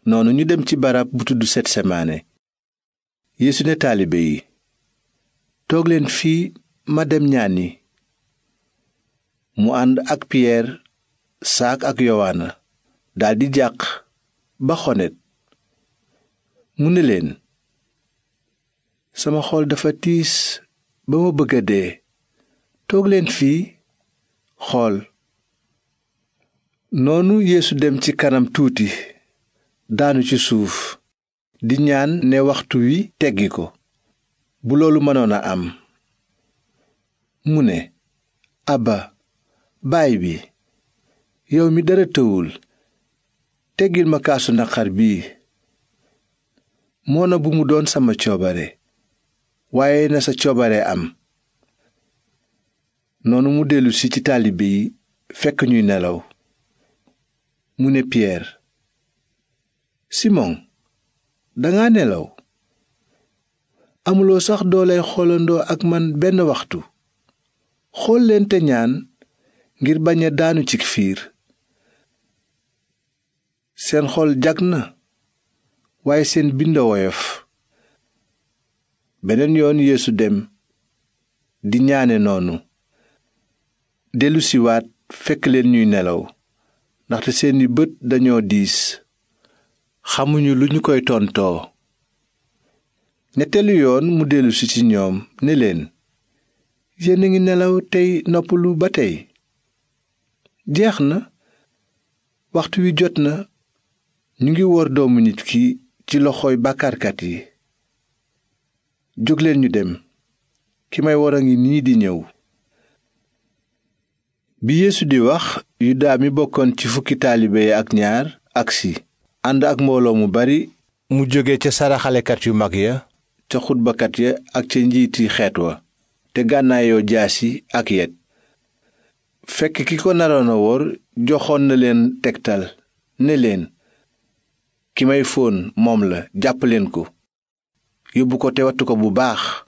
noonu ñu dem ci barab bu tudd setsemaane yeesu ne taalibe yi toog leen fii ma dem ñaani mu ànd ak piyeer saak ak yowaana daldi jàq ba xonet mu ni leen sama xool dafa tiis ba ma bëgg a dee toog leen fii xool noonu yéesu dem ci kanam tuuti daanu ci suuf di ñaan ne waxtu wi teggi ko bu loolu mënoon a am mu ne abba baay bi yow mi dara tëwul teggil ma kaasu naqar bii moona bu mu doon sama coobare waaye na sa coobare am noonu mu dellusi ci taalibe yi fekk ñuy nelaw mu ne piyeer simon danga nelaw amuloo sax doolay xoolandoo ak man benn waxtu xool te ñaan ngir bañ a daanu ci fiir seen xol jag na waaye seen bind woyof beneen yoon yéesu dem di ñaane noonu dellusiwaat fekk leen ñuy nelaw ndaxte seeni bët dañoo diis xamuñu lu ñu koy tontoo ñetteelu yoon mu dellusi ci ñoom ne leen yéen a ngi nelaw tey noppalu ba tey jeex na waxtu wi jot na ñu ngi wor doomu nit ki ci loxooy bàkkaarkat yi jógleen ñu dem ki may wor a ngi nii di ñëw bi yeesu di wax yudaa mi bokkoon ci fukki taalibe ya ak ñaar agsi ànd ak mbooloo mu bari mu jóge ca saraxalekat yu mag ya ca xutbakat ya ak ca njiiti xeet wa te gànnaayoo yi ak yet fekk ki ko naroon a joxoon na leen tegtal ne leen ki may fóon moom la jàpp leen ko yóbbu ko te wattu ko bu baax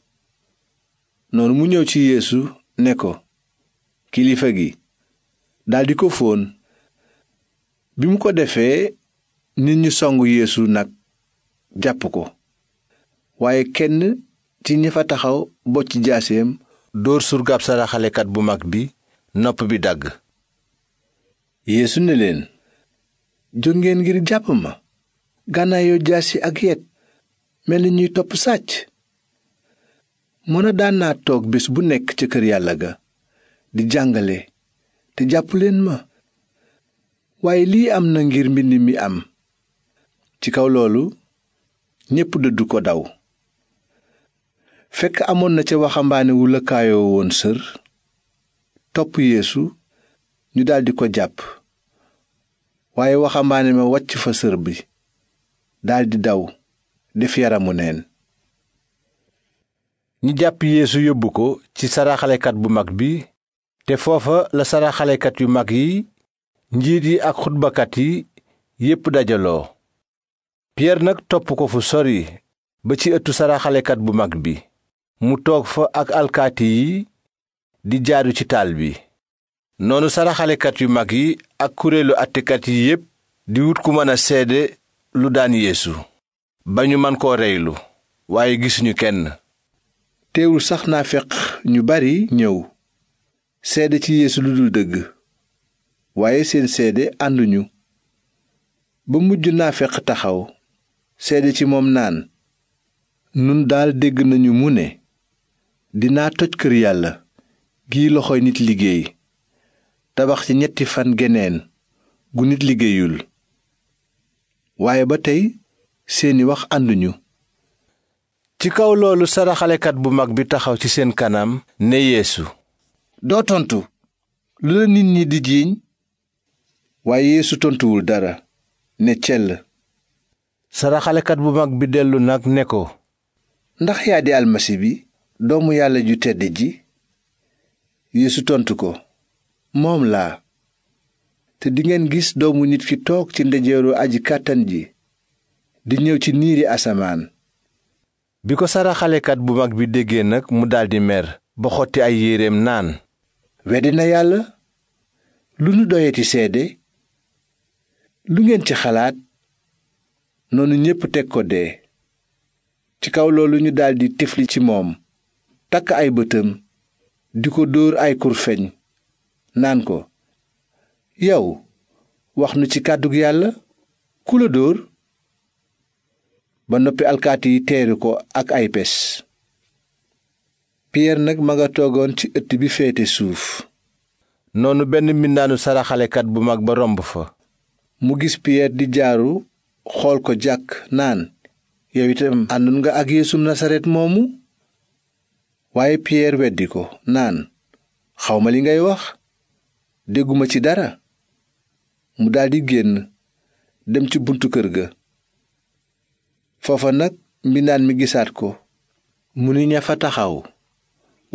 noonu mu ñëw ci yeesu ne ko kilifa gi daldi ko fóon bi mu ko defee nit ñu song yéesu nag jàpp ko waaye kenn ci ñi fa taxaw bocc jaaseem dóor surgaab saraxalekat bu mag bi nopp bi dagg yéesu ne leen jóg ngeen ngir jàpp ma gànnaayoo jaasi ak yet mel na ñuy topp sàcc mën a daan naa toog bés bu nekk ca kër yàlla ga di jàngale te jàppuleen ma waaye lii am na ngir mbind mi am ci kaw loolu ñépp dëddu ko daw fekk amoon na ca waxambaane wu lëkkaayoo woon sër topp yeesu ñu daldi ko jàpp waaye waxambaane ma wacc fa sër bi daldi daw def yaramu neen ñu jàpp yeesu yóbbu ko ci saraxalekat bu mag bi te foofa la saraxalekat yu mag yi njiit yi ak xutbakat yi yépp dajaloo piyeer nag topp ko fu sori ba ci ëttu saraxalekat bu mag bi mu toog fa ak alkaati yi di jaaru ci taal bi noonu saraxalekat yu mag yi ak kuréelu attekat yi yépp di wut ku mën a seede lu daan yéesu ba ñu man koo reylu waaye gisuñu kenn teewul sax naa feq ñu bari ñëw seede ci yéesu lu dul dëgg waaye seen seede ànduñu ba mujj naa naafeq taxaw seede ci moom naan nun daal dégg nañu mu ne dinaa toj kër yàlla gii loxo nit liggéey tabax ci ñetti fan geneen gu nit liggéeyul waaye ba tey seeni wax ànduñu ci kaw loolu saraxalekat bu mag bi taxaw ci seen kanam ne yéesu doo tontu lu la nit ñi di jiiñ waaye yeesu tontuwul dara ne cell saraxalekat bu mag bi dellu nag ne ko ndax yaa di almasi bi doomu yàlla ju tedd ji yeesu tontu ko moom laa te dingeen gis doomu nit ki toog ci ndajeeru aji kàttan ji di ñëw ci niiri asamaan bi ko saraxalekat bu mag bi déggee nag mu daldi mer ba xotti ay yéreem naan weddi na yàlla lu nu doyati seede lu ngeen ci xalaat noonu ñépp teg ko dee ci kaw loolu ñu daldi tifli ci moom takk ay bëtam di ko dóor ay kurfeñ naan ko yow wax nu ci kàddug yàlla ku la dóor ba noppi alkaati yi teeru ko ak ay pes piyeer nag ma nga toogoon ci ëtt bi féete suuf noonu benn mbindaanu saraxalekat bu mag ba romb fa mu gis piyeer di jaaru xool ko jàkk naan yow itam àndoon nga ak yeesu nasaret moomu waaye piyeer weddi ko naan xawma li ngay wax dégguma ci dara mu daldi génn dem ci buntu kër ga foofa nag mbindaan mi gisaat ko mu ni ña fa taxaw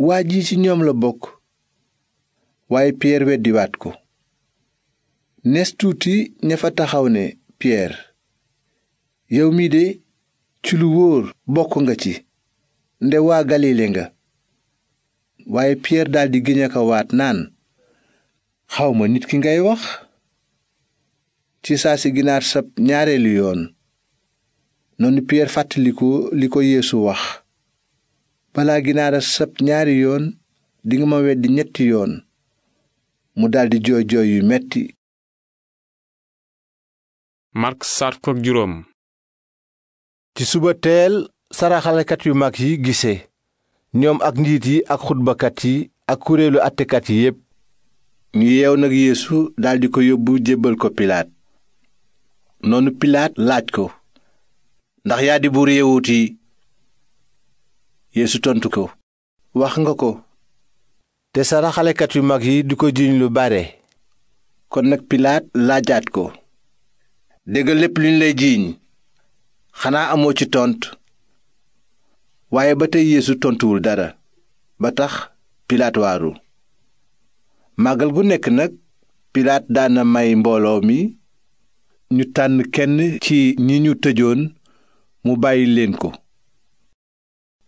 waa ji ci ñoom la bokk waaye piyeer weddiwaat ko nees tuuti ña fa taxaw ne piyeer yow mii de ci lu wóor bokk nga ci nde waa galile nga waaye piyeer daldi giñ ko naan xawma nit ki ngay wax ci saa si ginaar sab ñaareelu yoon noonu piyeer fàttaliku li ko yéesu wax balaa ginaar a sab yoon dinga ma ñetti yoon mu daldi jooy jooy ci suba teel saraxalekat yu mag yi gise ñoom ak njiit yi ak xutbakat yi ak kuréelu attekat yi yépp ñu yeew nag yéesu daldi ko yóbbu jébbal ko pilaat noonu pilaat laaj ko ndax yaa di buur yawut yi yeesu tontu ko wax nga ko te saraxalekat yu mag yi di ko jiiñ lu bare kon nag pilaat laajaat ko déggal lépp luñ lay jiiñ xanaa amoo ci tont waaye ba tey yéesu tontuwul dara ba tax pilaat waaru màggal gu nekk nag pilaat daana may mbooloo mi ñu tànn kenn ci ñi ñu tëjoon mu bàyyi leen ko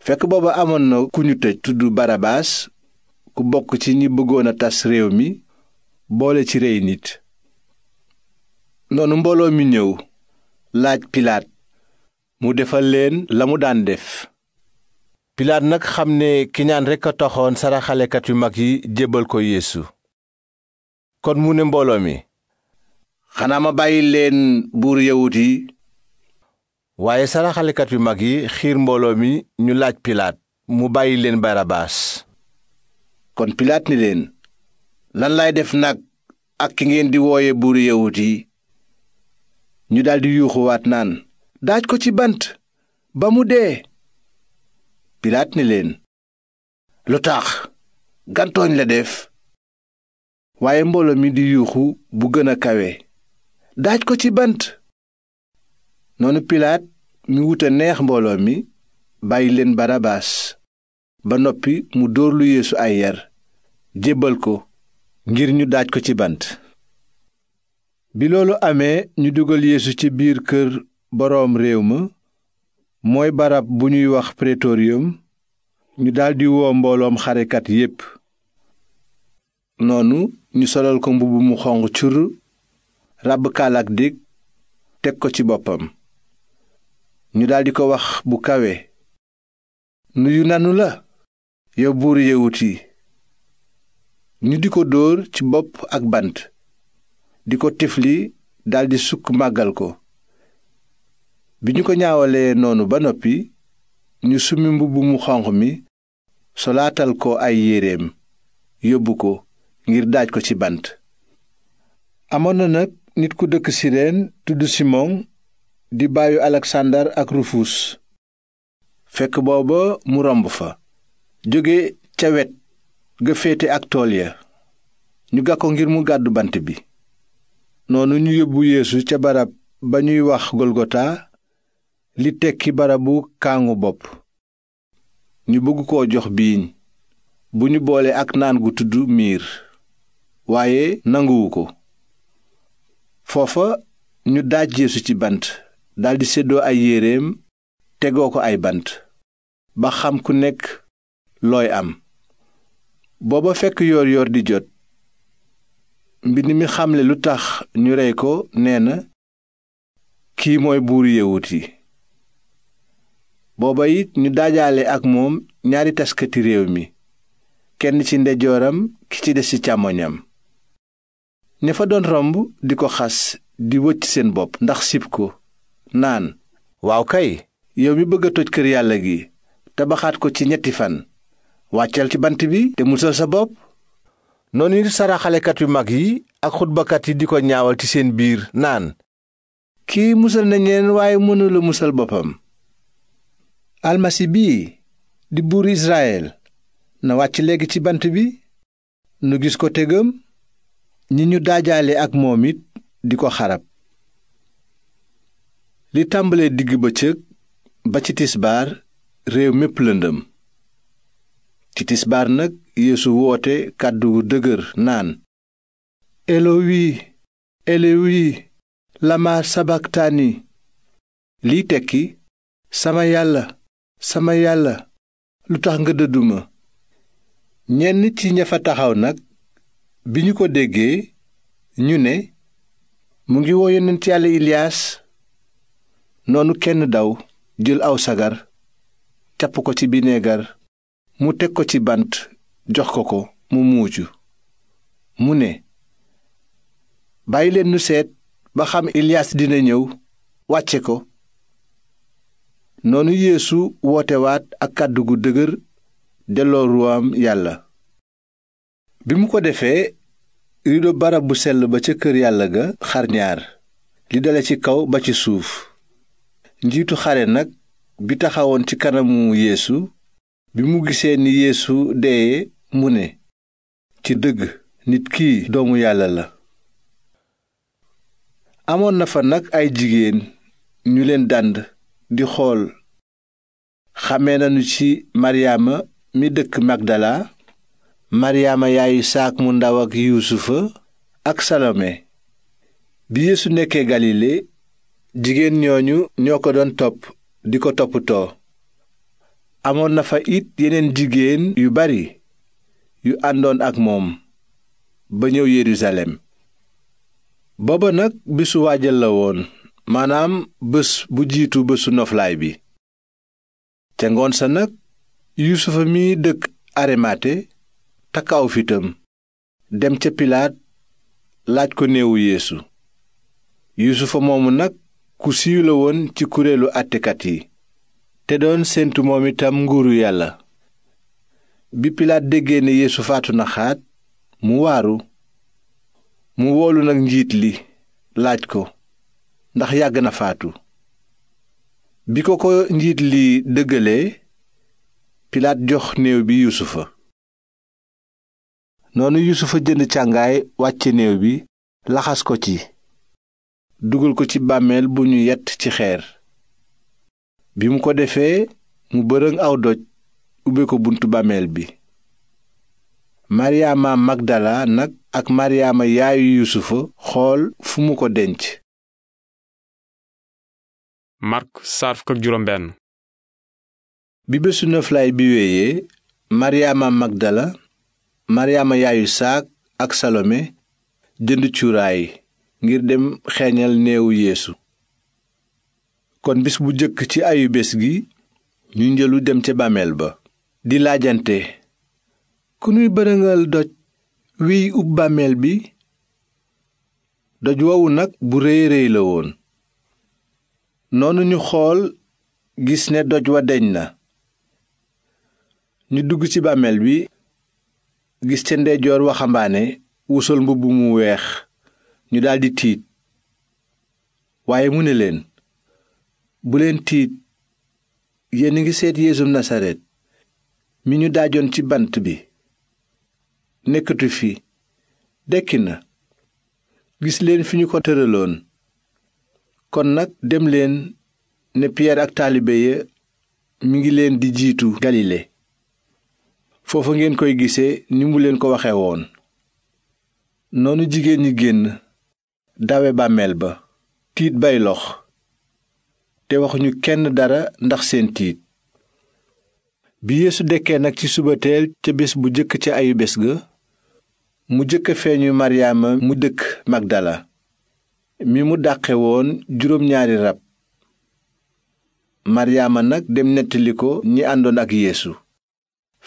fekk booba amoon na ku ñu tëj tudd barabaas ku bokk ci ñi bëggoon a tas réew mi boole ci rey nit noonu mbooloo mi ñëw laaj pilaat mu defal leen la mu daan def pilaat nag xam ne kiñaan rekk a toxoon saraxalekat yu mag yi jébbal ko yeesu kon mu ne mbooloo mi xanaa ma bàyyi leen buur yawut yi waaye saraxalekat yu mag yi xiir mbooloo mi ñu laaj pilaat mu bàyyi leen barabaas kon pilaat ni leen lan lay def nag ak ki ngeen di wooye buur yawut yi ñu daldi yuuxuwaat naan daaj ko ci bant ba mu dee pilaat ni leen lu tax gantooñ la def waaye mbooloo mi di yuuxu bu gën a kawe daaj ko ci bant noonu pilaat mi wuta neex mbooloo mi bàyyi leen barabaas ba noppi mu dóorlu yeesu ay yar jébbal ko ngir ñu daaj ko ci bant bi loolu amee ñu dugal yéesu ci biir kër boroom réew ma mooy barab bu ñuy wax prétorium ñu daldi woo mbooloom xarekat yépp noonu ñu solal ko mbubb mu xonq cur ràbb kaalaak dég teg ko ci boppam ñu daldi ko wax bu kawe nuyu nanu la yow buur yawut yi ñu di ko dóor ci bopp ak bant di ko tifli daldi sukk màggal ko bi ñu ko ñaawalee noonu ba noppi ñu summi mbubb mu xonq mi solaatal ko ay yéreem yóbbu ko ngir daaj ko ci bant amoon na nag nit ku dëkk sireen tudd simon di baayu aleksandar ak fekk booba mu romb fa jóge ca wet ga féete ak tool ya ñu gàkko ngir mu gàddu bant bi noonu ñu yóbbu yéesu ca barab ba ñuy wax golgota li tekki barabu kaangu bopp ñu bëgg ko jox biiñ bu ñu boole ak naan gu tudd miir waaye nanguwu ko foofa ñu daaj yeesu ci bant daldi seddoo ay yéreem tegoo ko ay bant ba xam ku nekk looy am booba fekk yoor yoor di jot mbind mi xamle lu tax ñu rey ko nee na kii mooy buur yawut yi booba it ñu daajaale ak moom ñaari taskati réew mi kenn ci ndejooram ki ci des ci càmmoñam ña fa doon romb di ko xas di wëcc seen bopp ndax sib ko naan waaw kay yow mi bëgg a toj kër yàlla gi tabaxaat ko ci ñetti fan wàccal ci bant bi te musal sa bopp noonu saraxalekat yu mag yi ak xutbakat yi di ko ñaawal ci seen biir naan kii musal na ñeen waaye mënula musal boppam almasi bii di buur Israël na wàcc léegi ci bant bi nu gis ko tegam ñi ñu daajaale ak moom it di ko xarab li tàmbalee digg bëccëg ba ci tisbaar réew mépp lëndëm ci tisbaar nag yeesu woote kàddu dëgër naan elowi elowi lama sabaktani liy tekki sama yàlla sama yàlla lu tax nga dëdduma ñenn ci ña fa taxaw nag bi ñu ko déggee ñu ne mu ngi woo yonent yàlla Ilias noonu kenn daw jël aw sagar capp ko ci bineegar mu teg ko ci bant jox ko ko mu muucu mu ne bàyyileen nu seet ba xam Ilias dina ñëw wàcce ko noonu yéesu wootewaat ak kàddu gu dëgër delloo ruwaam yàlla bi mu ko defee rido barab bu sell ba ca kër yàlla ga xar ñaar li dale ci kaw ba ci suuf njiitu xare nag bi taxawoon ci kanamu yéesu bi mu gisee ni yéesu deye mu ne ci dëgg nit kii doomu yàlla la amoon na fa nag ay jigéen ñu leen dànd di xool xamee nañu ci maryaama mi dëkk magdala maryaama yaayu saak mu ndaw ak yuusufa ak salome bi yeesu nekkee galile jigéen ñooñu ñoo ko doon topp di ko toppatoo amoon na fa it yeneen jigéen yu bari yu àndoon ak moom ba ñëw Yerusalem booba nag bésu waajal la woon maanaam bés bu jiitu bésu noflaay bi ca ngoon sa nag yusufa mi dëkk aremate takkaaw fitam dem ca pilaat laaj ko néewu yeesu yuusufa moomu nag ku siiw la woon ci kuréelu àttekat yi te doon séentu moom itam nguuru yàlla bi pilaat déggee ne faatu na xaat mu waaru mu woolu nag njiit li laaj ko ndax yàgg na faatu bi ko ko njiit li dëggalee pilaat jox néew bi yusufa jënd càngaay wàcce néew bi ko ci dugal ko ci bàmmeel bu ñu yet ci xeer bi mu ko defee mu bërëng aw doj ubbe ko buntu bàmmeel bi maryaama magdala nag ak maryaama yaayu yusufa xool fu mu ko denc mark saar fukk ak juróom benn bi bésu noflaay bi wéyee maryaama magdala maryaama yaayu saak ak salome jënd cuuraay ngir dem xeeñal neewu yeesu kon bis bu jëkk ci ayu bés gi ñu njëlu dem ca bàmmeel ba di laajante ku nuy bërëngal doj wiy ub bàmmeel bi doj wowu nag bu réy réy la woon noonu ñu xool gis ne doj wa deñ na ñu dugg ci bàmmeel bi gis ca ndeyjoor waxambaane wusul mbubb mu weex ñu daldi tiit waaye mu ne leen bu leen tiit yéen a ngi seet yeesu nasaret mi ñu daajoon ci bant bi nekkatu fi dekki na gis leen fi ñu ko tëraloon kon nag dem leen ne piyeer ak taalibe ya mi ngi leen di jiitu galile foofa ngeen koy gisee ni mu leen ko waxe woon noonu jigéen ñi génn dawe bàmmeel ba tiit bay lox te waxuñu kenn dara ndax seen tiit bi yéesu dekkee nag ci subateel ca bés bu jëkk ca ayu bés ga mu jëkk feeñu maryaama mu dëkk magdala mi mu dàqe woon juróom ñaari rab maryaama nag dem nettali ko ñi àndoon ak yéesu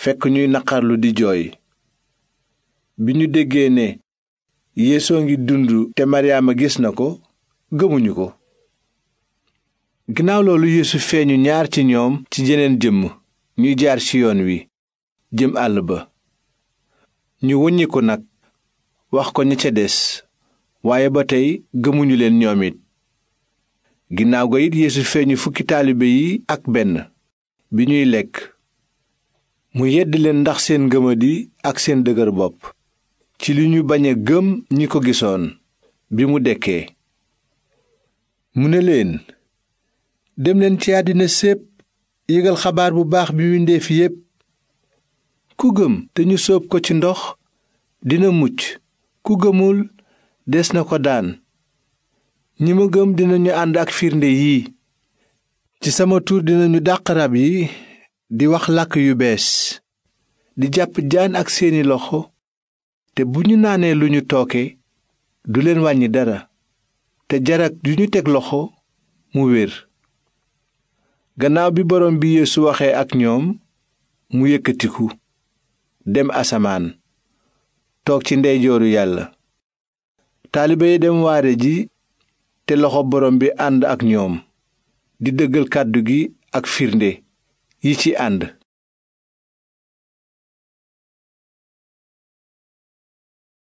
fekk ñuy naqarlu di jooy bi ñu déggee ne yéesoo ngi dund te maryaama gis na ko gëmuñu ko ginnaaw loolu yéesu feeñu ñaar ci ñoom ci jeneen jëmm ñuy jaar ci yoon wi jëm àll ba ñu wuññi ko nag wax ko ña ca des waaye ba tey gëmuñu leen ñoom it ginnaaw ga it yéesu feeñu fukki taalibe yi ak benn bi ñuy lekk mu yedd leen ndax seen ngëmadi ak seen dëgër bopp ci li ñu bañ a gëm ñi ko gisoon bi mu dekkee mu ne leen demleen ci àddina sépp yëgal xabaar bu baax bi windeef yépp ku gëm te ñu sóob ko ci ndox dina mucc ku gëmul des na ko daan ñi ma gëm dinañu ànd ak firnde yii ci sama tur dinañu dàq rab yi di wax làkk yu bees di jàpp jaan ak seeni loxo te bu ñu naanee lu ñu tooke du leen wàññi dara te jarak yu ñu teg loxo mu wér gannaaw bi borom bi Yeesu waxee ak ñoom mu yëkkatiku dem asamaan toog ci ndeyjooru yàlla taalibe yi dem waare ji te loxo borom bi ànd ak ñoom di dëggal kàddu gi ak firnde yi ci ànd